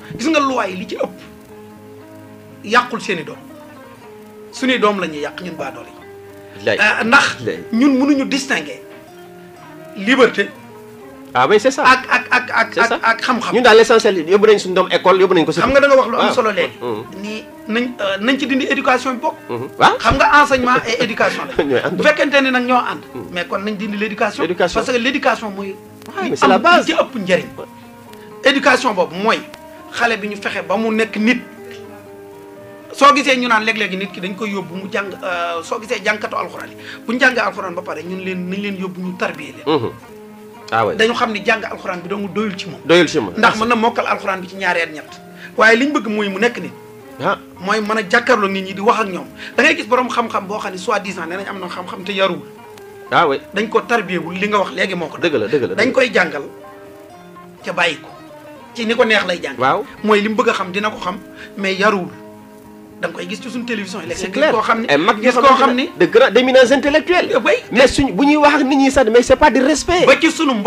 gis nga loi yi li ci ëpp yàqul seeni doom suñuy doom la ñuy yàq ñun baa doole yi euh, ndax ñun mënuñu distinguer liberté ah oui c'est ça ak ak ak ak ak ak xam-xam ñun daal l'essentiel yóbbu nañ suñu doom école yóbbu nañ ko xam nga da wax lu am ah. solo léegi mm-hmm. nii nañ euh, nañ ci dindi éducation bi mm-hmm. ah. xam nga enseignement et éducation la bu fekkente ni nag ñoo ànd mm. mais kon nañ dindi l'éducation parce que l'éducation mooy ah, am ci ëpp njëriñ éducation boobu mooy xalé bi ñu fexé ba mu nekk nit so gisé ñu naan lég lég nit ki dañ ko yobbu mu jang euh, soo gisee jàngkatu alxuraan yi bu jang alcorane ba paré ñun leen ñu leen yobbu ñu tarbiyé leen hmm ah way dañu xamni jang alcorane bi do dong doyul ci mom doyul ci mom ndax mën na mokkal alxuraan bi ci ñaareel ñett waaye li ñu bëgg moy mu nekk nit ha ah. moy mëna jakarlo nit ñi di wax ak ñom da ngay gis borom xam-xam bo xani ne soi-disant nenañ am na xam-xam te yarul ah way dañ ko tarbiyé wu li nga wax légui moko ko dëgg la dëgg la dañ koy jangal ca bayiko ci ni ko neex lay jàng. waaw mooy li mu bëgg xam dina ko xam mais yaruwul da nga koy gis ci suñu télévision. c'est clair koo xam ne mag gis koo xam ne eh, de grands d'éminents intellectuels. Eh, mais suñ bu ñuy wax ak nit ñi sax mais c'est pas du respect. ba ci gis ñoo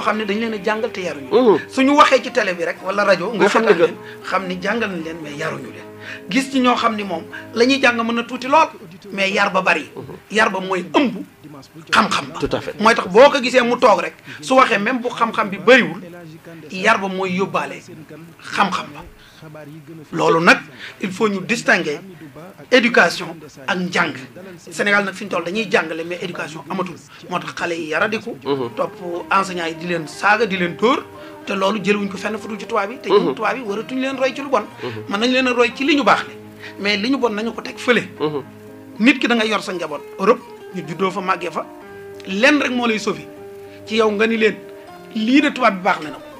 xam ne dañu leen a jàngal te yaruñu. ñu waxee ci télé bi rek wala rajo. nga xam ne xam ni jàngal nañ leen mais yaruñu leen gis ci ñoo xam ni moom la ñuy jàng mën na tuuti lool mais yar ba bari yar ba mooy ëmb xam-xam ba mooy tax boo ko gisee mu toog rek su waxee même bu xam-xam bi bëriwul yar ba mooy yóbbaale xam-xam ba loolu nag il faut ñu distinguer éducation ak njàng Sénégal nag fi ñu toll dañuy jàngale mais éducation amatul moo tax xale yi yaradiku mhm. topp enseignants yi di leen saaga di leen dóor te loolu jëluwuñ ko fenn futul ci tubaab bi te ñun mhm. tubaab a waratuñ leen roy ci lu bon mhm. mën nañ leen a roy ci li ñu baax le mais li ñu bon nañu ko teg fële nit ki da nga yor sa njaboot Europe ñu juddoo fa màggee fa lenn rek moo lay sauver ci yow nga ni leen lii de tubaab baax le na ko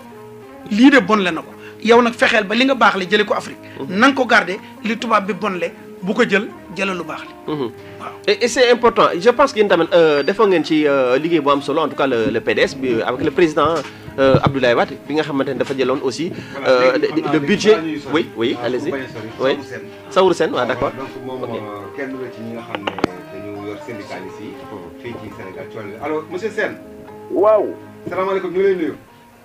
lii de bon le na ko yow nak fexel ba li nga bax li jëlee ko Afrique. Mhm. nang ko garder li tubaab bi bon le bu ko jël jël lu bax li mhm. waaw et c'est important je pense que yéen euh defo ngeen ci euh, liggéey bu am solo en tout cas le le PDS bi euh, avec le président euh, Abdoulaye Wade bi nga xamantene dafa jëlone aussi. euh, le budget oui oui ah, allez-y oui Saourou Sène waaw d'accord. Euh, donc moom kenn la ci nga xamné dañu yor syndicaliste yi fii ci Sénégal alors monsieur Sen waaw. salaamaaleykum ñu ngi lay nuyu.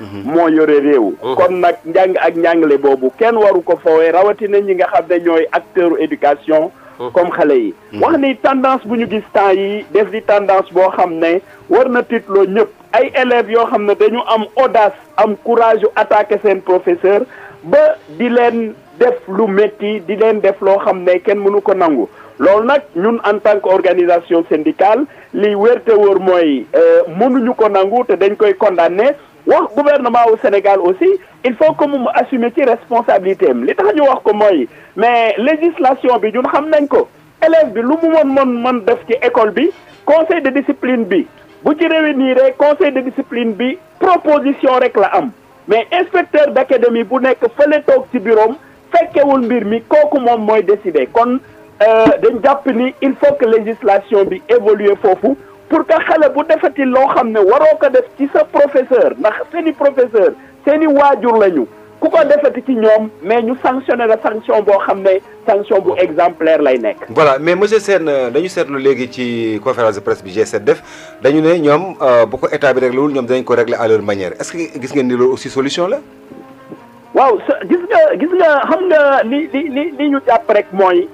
moo yore réew. kon nag njàng ak njàngale boobu kenn waru ko foowee rawatina ñi nga xam ne ñooy acteur éducation. comme xale yi. wax ni tendance bu ñu gis temps yi def di tendance boo xam ne war na titloo ñëpp ay élèves yoo xam ne dañu am audace am courage yu attaquer seen professeur ba di leen def lu métti di leen def loo xam ne kenn mënu ko nangu. loolu nag ñun en tant que organisation syndicale li wérte wóor mooy euh, mënuñu ko nangu te dañ koy condamné wax gouvernement au Sénégal aussi il faut que nous assumer ses responsabilités. L'État li tax ñu wax mais la mais législation bi ñun xam nañ ko ce bi lu faire à l'école, le conseil de discipline bi bu ci le conseil de discipline bi proposition rek la am mais inspecteur d'académie bu nekk fële toog ci bureau fait fekkewul mbir mi kooku moom mooy décider kon euh, dañ ni il faut que législation évolue évoluer pour que xale bu defati loo xam ne waroo ko def ci sa professeur ndax seeni professeur seeni waajur lañu ku ko defati ci ñoom mais ñu sanctionné la sanction boo xam ne sanction bu exemplaire lay nekk. voilà mais monsieur Sène euh, dañu seetlu léegi ci conférence de presse bi G7 def dañu ne ñoom euh, bu ko état bi réglé wul ñoom dañu ko régler à leur manière est-ce que gis ngeen ni loolu aussi solution la. waaw gis nga gis nga xam nga li li li ñu jàpp rek mooy.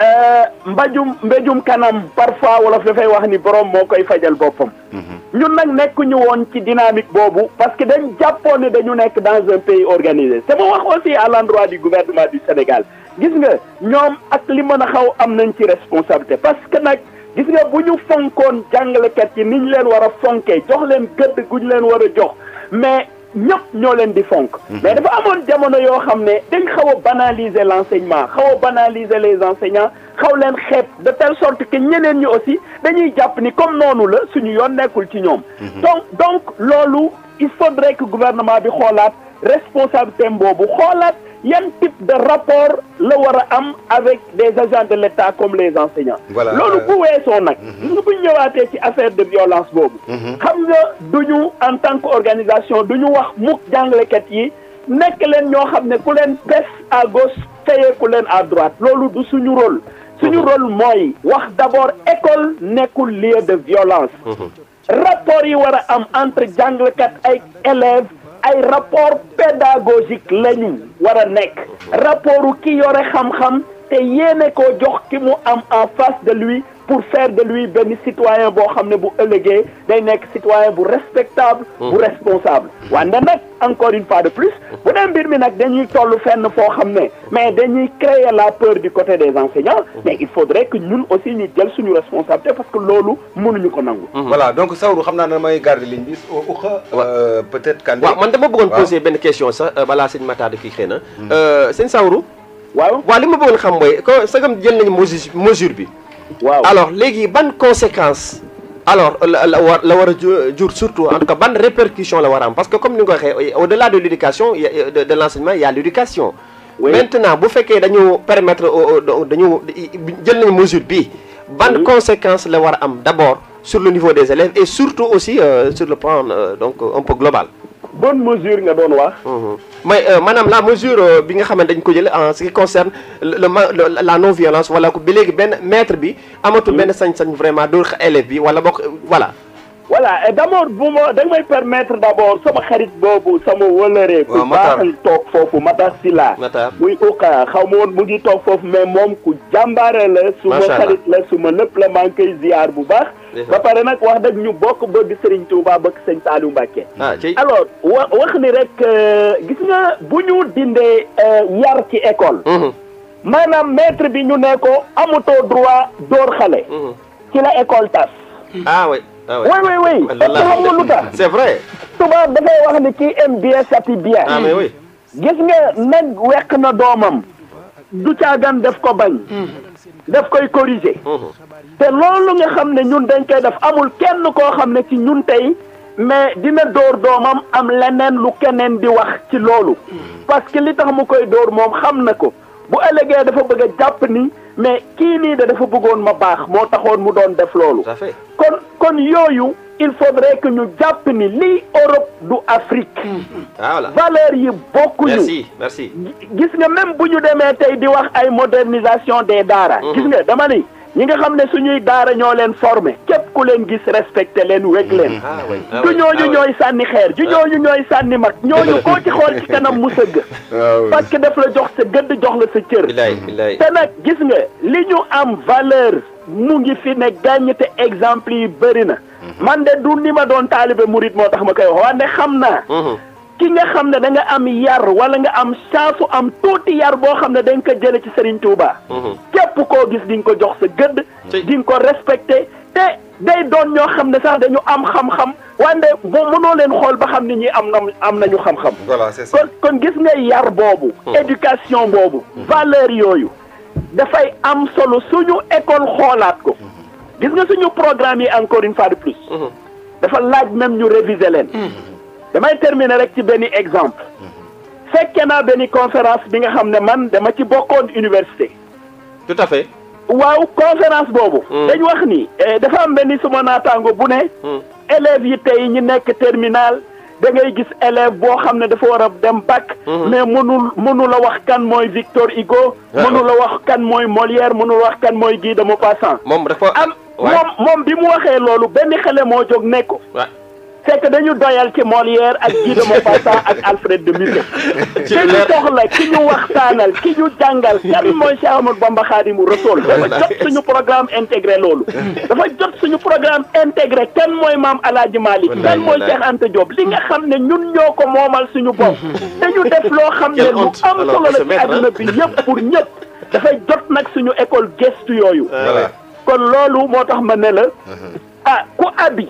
Euh, mbajum mbéjum kanam parfois wolof dafay wax ni borom moo koy fajal boppam. Mhm. ñun nag nekkuñu woon ci dynamique boobu parce que dañ jàppoon ne dañu nekk dans un pays organisé te ma wax aussi à l'endroit du gouvernement du Sénégal gis nga ñoom ak li mën a xaw am nañ ci responsabilité parce que nag gis nga bu ñu fonkoon jàngalekat yi ni ñu leen war a fonkee jox leen gëdd guñ leen war a jox mais. ñëpp ñoo leen di fonk mhm. mais dafa amoon jamono yoo xam ne dañ xaw banaliser l'enseignement, enseignement banaliser les enseignants xaw leen xeeb de telle sorte que ñeneen ñu aussi dañuy jàpp ni comme nous la suñu yoon ci mhm. donc donc il faudrait que gouvernement bi xoolaat responsabilité boobu xoolaat un type de rapport le avec des agents de l'État comme les enseignants Lolu bu son mhm. ci affaire de violence bobu. Mhm. xam nga duñu en tant qu'organisation, nous duñu wax mukk kat yi nek leen ño xamné ku leen à gauche leen à droite du suñu rôle suñu mhm. rôle wax d'abord école lieu de violence rapport yi am entre ay élèves ay rapport pédagogique la ñu war rapport ki yore xam-xam te yene ko jox ki mu am en face de lui pour faire de lui benn citoyen boo xam ne bu ëllëgee day nekk citoyen bu respectable bu hmm. responsable wante nag encore une fois de plus bu dee mbir mi nag dañuy toll fenn foo xam ne mais dañuy créer la peur du côté des enseignants hmm. mais il faudrait que ñun aussi ni jël suñu responsabilité parce que loolu mënuñu ko nangu hmm. voilà donc Saourou xam naa ne may garder ligne bi uxa euh, peut-être Kandé waaw man dama bëggoon poser benn question sax euh, balaa sëñ Matar de xëy na euh, sëñ Saourou waaw waaw li ma bëggoon xam mooy que sagam jël nañu mesure bi alors léegi ban conséquences. alors la war la war surtout en tout cas ban répercussion la war parce que comme ni nga ko au delà de l'éducation de l'enseignement il y a l'éducation maintenant bu fekkee dañu permettre dañu jël nañu mesure bi ban conséquence la war d'abord sur le niveau des élèves et surtout aussi euh, sur le plan euh, donc un peu global bonne mesure nga doon wax. Mhm. mais euh, madame la mesure euh, bi nga xam dañ ko jël en ce qui concerne le la non violence wala ko ba léegi benn maître bi. amatul ben sañ-sañ vraiment dóor élève bi wala euh, voilà. voilà et abord bu ma da nga may permettre d' abord sama xarit boobu sama wëlëree ku baax toog foofu Matar Sylla muy uqa xaw ma woon mu ngi toog foofu mais moom ku jàmbaare la su ma xarit la su ma la maa ngi koy bu baax ba pare nag wax dëgg ñu bokk bëgg Serigne Touba bëgg Serigne Saliou Mbacké ah, alors wa wax ni rek euh, gis nga bu ñu dindee euh, yar ci école mhm. maanaam maître bi ñu ne ko amutoo droit dóor xale mhm. ci la école tas ah, ah ouais. oui, oui, oui. C'est vrai. toba dafay wax ni kii aime bien sa bien. ah mais oui. gis nga nag wekk na doomam. du caagan def ko bañ. daf koy corriger. Hum, hum. te loolu nga xam ne ñun dañ koy def amul kenn koo xam ne ci ñun tey mais dina dóor doomam am leneen lu keneen di wax ci loolu. parce que li tax mu koy dóor moom xam na ko bu ëllëgee dafa bëgg a jàpp ni mais kii nii de dafa bëggoon ma baax moo taxoon mu doon def loolu. kon kon yooyu il faudrait que nous jappni li Europe du Afrique. Mm. Ah, voilà valeur yi bokkuñu. merci merci. gis nga même buñu démé tay di wax ay modernisation des daara. Mm-hmm. gis nga dama ni ñi nga xamné suñuy daara ñoo leen formé képp ku leen gis respecté leen wég leen. du mm-hmm. ah, ah, ñooñu ñooy sànni xeer du ñooñu ñooy sànni mag ñooñu koo ci xool ci kanam mu sëgg. parce que daf la jox sa gëdd jox la sa cër. te nag gis nga li ñu am valeur. mu ngi fi ne gàññ te exemple yi bëri na. Mhm. man de du ni ma doon taalibe murit moo tax ma koy wax wante xam naa. Mhm. ki nga xam ne danga am yar wala nga am chance am tuuti yar boo xam ne da ko jële ci Serigne Touba. Mhm. képp koo gis di ko jox sa gëdd. di nga ko respecté te day doon ñoo xam ne sax dañu am xam-xam wante boo mënoo leen xool ba xam ni ñi am na am nañu xam-xam. voilà c'est kon kon gis nga yar boobu. éducation boobu valeur yooyu. dafay am solo suñu école xoolaat ko gis nga suñu programme yi encore une fois de plus mhm. dafa laaj même ñu réviser leen mhm. damay terminer rek ci benn exemple mhm. fekkee na benn conférence bi nga xam ne man dama ci bokkoon université tout à waaw conférence boobu dañ wax ni eh, dafa am benn suma naataango bu ne élèves yi tey ñi nekk terminal dangay gis élève boo xam ne dafa war a dem bac. Mhm. mais mënul mënul wax kan mooy Victor Hugo. mënul a wax kan mooy Molière mënul wax kan mooy Guy dama Maupassant. moom dafa am moom moom bi mu waxee loolu benn xale moo jóg nekk ko c'est dañu doyal ci Molière ak Guy de Maupassant ak Alfred de Musset ki ñu soxla ki ñu waxtaanal ki ñu jàngal kan mooy Cheikh Ahmadou Bamba Khadimu Rasoul dafa jot suñu programme intégré loolu dafa jot suñu programme intégré kenn mooy maam Alaaji Malik kan mooy Cheikh Anta Diop li nga xam ne ñun ñoo ko moomal suñu bopp dañu def loo xam ne lu am solo la ci àdduna bi yëpp pour ñëpp dafay jot nag suñu école gëstu yooyu euh, kon loolu moo tax ma ne la euh. ah ku abi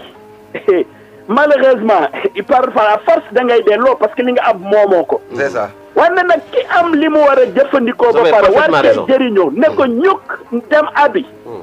malheureusement par la force da ngay delloo parce que li nga am moomoo ko. c'est ça. wante nag ki am li mu war a jëfandikoo. ba pare war cee jëriñoo ne ko hmm. ñukk dem abi. Hmm.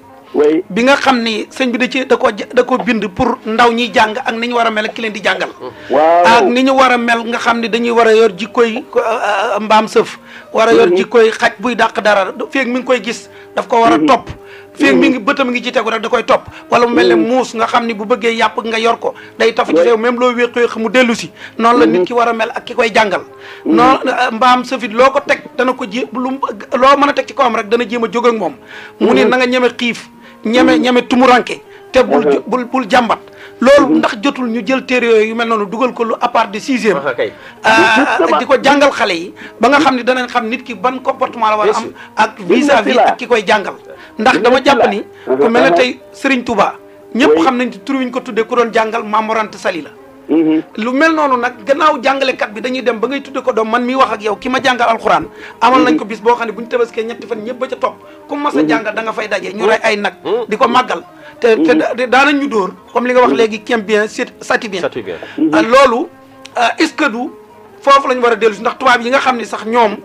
way bi nga xamni señ bi da ci da ko da ko bind pour ndaw ñi jang ak niñu wara mel ki leen di jangal waaw ak niñu wara mel nga xamni dañuy wara yor jikkoy mbaam sëf wara yor mhm. jikkoy xaj buy dàq dara feeg mi ngi koy gis daf ko wara top mhm. topp mi ngi mhm. beutam ngi ci tegu rek da koy top wala mu mel mous nga xamni bu bëgge yap nga yor ko day tafu ci même lo mu delu ci non la nit ki wara mel ak ki koy jangal non mbam sëfit loo ko teg dana ko jé lu loo mën a teg ci kawam rek dana jima jog ak mom mu ni na nga ñëme xif ñeme mm. ñeme tumuranke te bul mm-hmm. bul bul jàmbat loolu mm-hmm. ndax jotul ñu jël téere yooyu yu mel noonu dugal ko lu à part de sixième ah, di ko jàngal xale yi ba nga mm-hmm. xam ne danañ xam nit ki ban comportement la am ak vis-à-vis ak ki koy jàngal ndax dama jàpp ni ku mel ne tey Serigne Touba ñëpp xam nañ te turuñ ko tuddee ku doon jàngal Maam Mor Mhm. lu mel nonu nak gannaaw kat bi dañuy dem ba ngay tudde ko do man mi wax ak yow kima jangal alquran amal nañ ko mhm. bis bo xamni buñu bu ñu tabaskee ñetti fan ñëpp ba ca top ku ma sa mhm. jàngal da nga fay dajé ñu ray ay nak diko magal te da nañ ñu door comme li nga wax léegi kém bien sati bien euh, lolu euh, est-ce que du fofu lañ wara delu ndax tubaab bi nga xamni sax ñom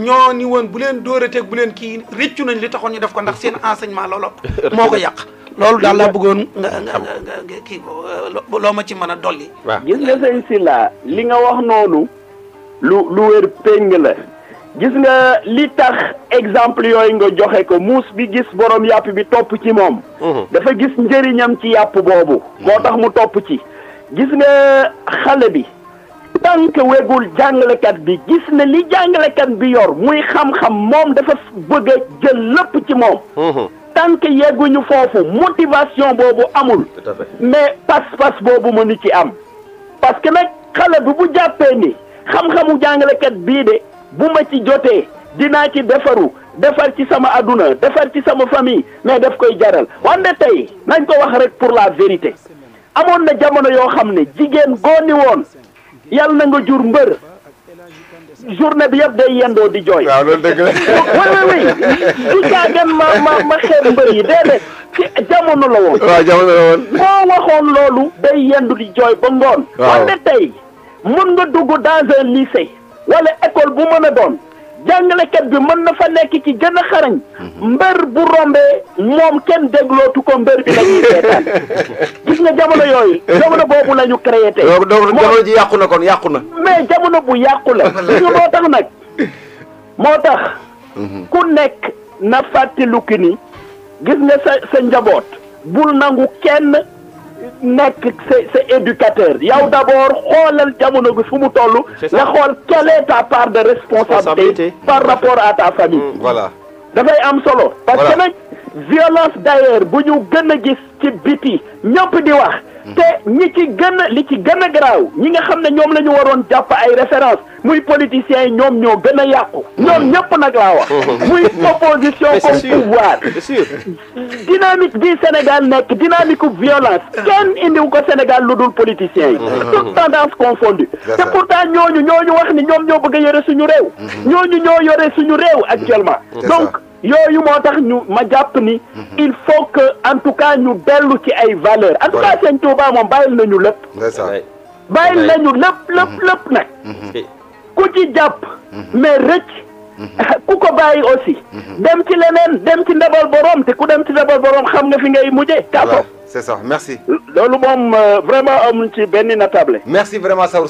ñoo ni won bu leen dóorateeg bu len ki réccu nañ li taxone ñu def ko ndax seen enseignement moko yak loolu daal laa bëggoon nga nga nga kii euh, loo ma ci mën a dolli. waaw gis nga sëñ Sylla li nga wax noonu lu lu wér péng la gis nga li tax exemple yooyu nga joxe ko muus bi gis boroom yàpp bi topp ci moom. dafa gis njëriñam ci yàpp boobu. moo tax mu topp ci. gis nga xale bi. tànk wegul jàngalekat bi gis na li jàngalekat bi yor muy xam-xam moom dafa bëgg a jël lépp ci moom. tant que yegguñu foofu motivation boobu amul. mais pas-pas boobu mënu ci am. parce que nag xale bi bu jàppee ni xam-xamu jàngalekat bii de bu ma ci jotee dinaa ci defaru defar ci sama adduna defar ci sama famille mais daf koy jaral wante tey nañ ko wax rek pour la vérité amoon na jamono yoo xam ne jigéen góoni woon yàlla na nga jur mbër. journée bi yëpp day yendoo di jooy. waaw loolu dëgg la. oui oui oui du caagen ma ma ma xeeb mbër yi déedéet ci jamono la woon. waaw jamono la woon. boo waxoon loolu. day yendu di jooy ba ngoon. waaw wante tey mun nga dugg dans un lycée. wala école bu mën a doon. jàngalekat bi mën na fa nekk ci gën a xarañ mhm. mbër bu rombee moom kenn déglootu ko mbër bi la ñuy seetaan gis nga jamono yooyu jamono boobu la ñu créé tey jamono ji yàqu na kon yàqu na mais jamono bu yàqu la suñu moo tax nag moo tax mhm. ku nekk na fàttaliku ni gis nga sa sa njaboot bul nangu kenn nekk sa sa éducateur yow d' abord xoolal jamono bi fu mu toll. nga xool quelle est ta part de responsabilité par rapport à ta famille. Mm, voilà dafay am solo. parce que nag violence d' ailleurs bu ñu gis ci biti ñëpp di wax. te ñi ci gën a li ci gën a ñi nga xam ne ñoom la ñu waroon jàpp ay référence muy politiciens yi ñoom ñoo gën a yàqu. ñoom mm-hmm. ñëpp nag laa wax. Mm-hmm. muy opposition comme pouvoir. dynamique bi Sénégal nekk dynamique u violence ah. kenn indiwu ko Sénégal lu dul politiciens yi. Mm-hmm. toute tendance confondue. te pourtant ñooñu ñooñu wax ni ñoom ñoo bëgg a yore suñu réew. ñooñu ñoo yore suñu réew actuellement donc. Yo, moo tax ñu ma jàpp ni. Mhm. il faut que en tout cas ñu dellu ci ay valeur en tout cas Touba moom bàyyil nañu lépp. bàyyil nañu lépp mhm. mhm. ku ci mais ku aussi. dem ci leneen dem ci ndabal borom te ku dem ci ndabal borom xam fi ngay c'est ça merci. loolu moom euh, vraiment amuñ ci benn merci vraiment ça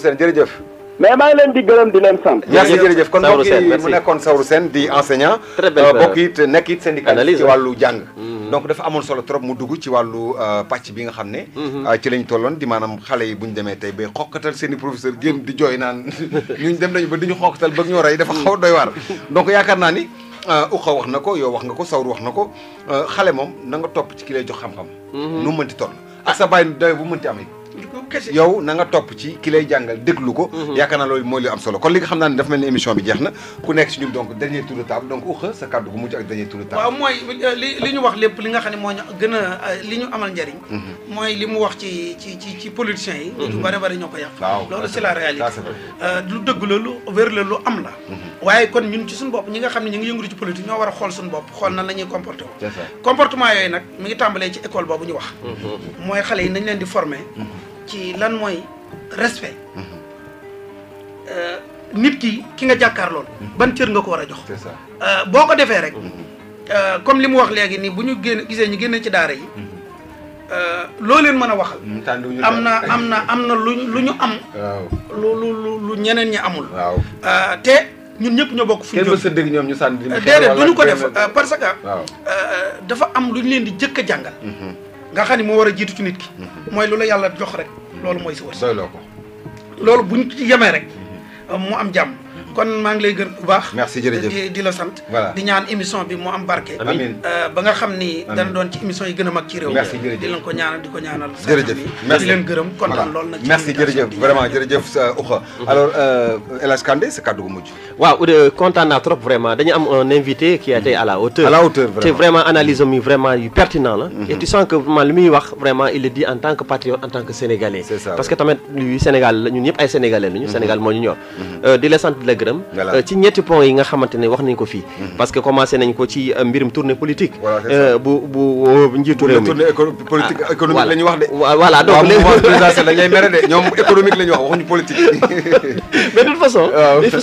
mais maa ngi leen di gërëm di leen sant. jërëjëf jërëjëf kon mbokk yi mu nekkoon Saourou Sène di enseignant. très bien euh, bokk it nekk it syndicaliste ci wàllu jàng. Mm-hmm. donc dafa amoon solo trop mu dugg ci wàllu euh, pàcc bi nga xam ne. Mm-hmm. Euh, ci lañ tolloon di maanaam xale yi bu ñu demee tey bay xokkatal seen i professeur génn di jooy naan ñu dem nañu ba di ñu xokkatal bëgg ñoo rey dafa xaw doy waar donc yaakaar naa ni. xaw wax na ko yow wax nga ko Saourou wax na ko xale moom na nga topp ci ki lay jox xam-xam. Mm-hmm. nu mu mënti toll ak sa bàyyi doy bu mënti yow na nga topp ci ki lay jàngal déglu ko mhm. yaakaar naa loolu mooy li am solo kon li nga xam ne ni na ku nekk si ñun donc dernier ñu wax lépp li nga xam ne moo ñu gën euh, amal njariñ mhm. mooy li mu wax ci ci ci ci politiciens yi ñu mhm. bari bari ñoo ko yàq waaw loolu c'est la réalité euh, lu dëgg la lu wér la lu am la waaye kon ñun ci suñu bopp ñi nga xam ne ñu ngi yëngatu ci politique ñoo war a xool suñu bopp xool nan la ñuy comporté comportement yooyu nag mi ngi tàmbalee ci école boobu ñu wax mooy xale yi nañ leen di former ci lan mooy respect. Euh, nit ki ki nga jàkkaar lool ban cër nga ko war a jox. c'est euh, boo ko defee rek. Mm-hmm. Euh, comme li mu wax léegi nii bu ñu génn gisee ñu génne ci daara yi. Mm-hmm. loo leen mën a waxal. Mm-hmm. am na am na am na lu lu ñu am. lu lu lu ñeneen ñi amul. te ñun ñëpp ñoo bokk. fu ñu jóg dégg ñoom ñu sànni déedéet du ñu ko def parce que. dafa am lu ñu leen di jëkk a jàngal. nga xam ne moo war ci nit ki moy lula yàlla jox rek loolu mooy si wërsëg loolu buñ ci yeme rek mu am jàmm kon maa ngi lay bu baax. merci jërëjëf di di la sant. di ñaan émission bi mu am barke. amiin euh, ba nga xam ni. dana doon ci émission yi gën a mag ci réew merci jërëjëf di la ko ñaanal di ko ñaanal. jërëjëf merci di leen gërëm kontaan lool merci jërëjëf vraiment jërëjëf sa euh, mhm. alors euh, Hadj Kandé sa kàddu gu mujj. waaw Oudé kontaan naa trop vraiment dañu am un invité qui a été mhm. à la hauteur. à la hauteur vraiment C'est vraiment analyse mi vraiment yu pertinent la. Hein. Mhm. et tu sens que vraiment li muy wax vraiment il le dit en tant que patriote en tant que sénégalais. c'est ça parce que tamit lui Sénégal ñun ñëpp ay sénégalais lañu Sénégal moo ñu ñor euh, di la sant la gërëm euh, ci ñetti pont yi nga xamante ne wax nañ ko fi mhm. parce que commencé nañ ko ci euh, mbirum tournée politique euh, bu bu njiitu réew mi tournée politique ah, économique la wax de voilà donc léegi présidentielle dañ lay mere de ñom économique la wax waxuñu politique mais de toute façon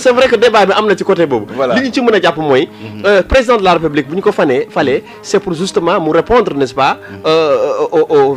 c'est vrai que débat bi amna ci côté bobu li ñu ci mëna japp moy mooy mhm. président de la république buñ ko fané falé c'est pour justement mu répondre n'est-ce pas aux mhm. au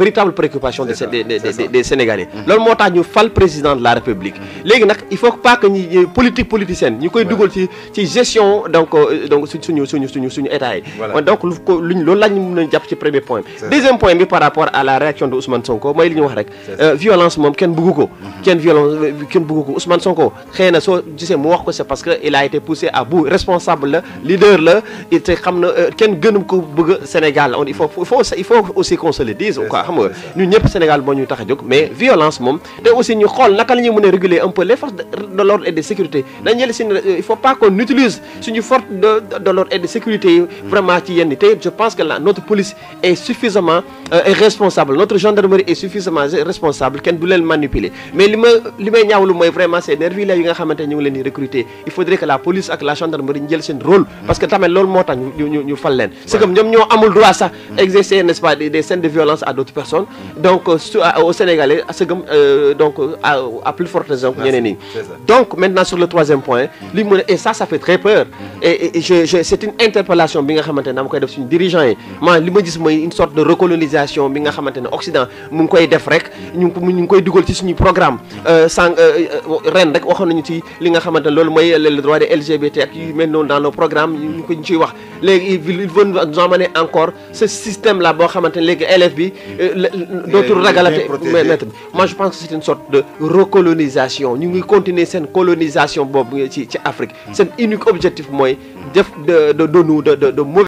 véritable préoccupation des des des Sénégalais lool moo tax ñu fal président de la république légui nak il faut pas que ñi politique politicienne ñu koy dugal ci ci gestion donc euh, donc suñu suñu suñu suñu état yi. donc lu ko luñ loolu lañ mën a ci premier point deuxième point bi par rapport à la réaction de Ousmane Sonko may li ñu wax rek. Euh, violence mom kenn bëgguko ko. Mhm. violence euh, kenn bëgguko Ousmane Sonko xeyna so soo gisee mu wax ko c'est parce que il a été poussé à bout responsable la leader la te xamna na gënum ko bëgg Sénégal on il faut il faut il faut aussi qu'on se le dise quoi xam nga ñun ñëpp Sénégal moo ñu tax mais violence mom té aussi ñu xol naka la ñuy réguler un peu les forces de l'ordre et de sécurité Daniel euh, il faut pas qu'on utilise une force de de l'ordre et de sécurité vraiment ci je pense que notre police est suffisamment euh, est responsable notre gendarmerie est suffisamment responsable qu'elle du le manipuler mais ce que je veux dire c'est vraiment les gens qui yi nga recruter il faudrait que la police et la gendarmerie aient un rôle mmh. parce que c'est ce moo tax ñu ñu fal c'est comme nous ñoo le droit ça mmh. exercer des scènes de violence à d'autres personnes mmh. donc euh, au Sénégalais c'est comme euh, donc à plus forte raison que nous donc maintenant sur le troisième point et ça ça fait très peur et c'est une interpellation que nga xamante ne dama koy def suñu man li une sorte de recolonisation sensibilisation bi nga xamantene Occident mu ngi koy def rek ñu ngi koy duggal ci suñu programme euh, sans euh, euh, ren rek waxoon nañu ci li nga xamantene ne moy le droit des LGBT ak yu mel non dans nos programmes ñu ko ci wax léegi ils vont nous emmener encore ce système là bo xamantene ne léegi élève bi d'autres ragalate maître moi je pense que c'est une sorte de recolonisation ñu ngi continuer sen colonisation bob ci ci Afrique sen unique objectif moy def de de de nous de de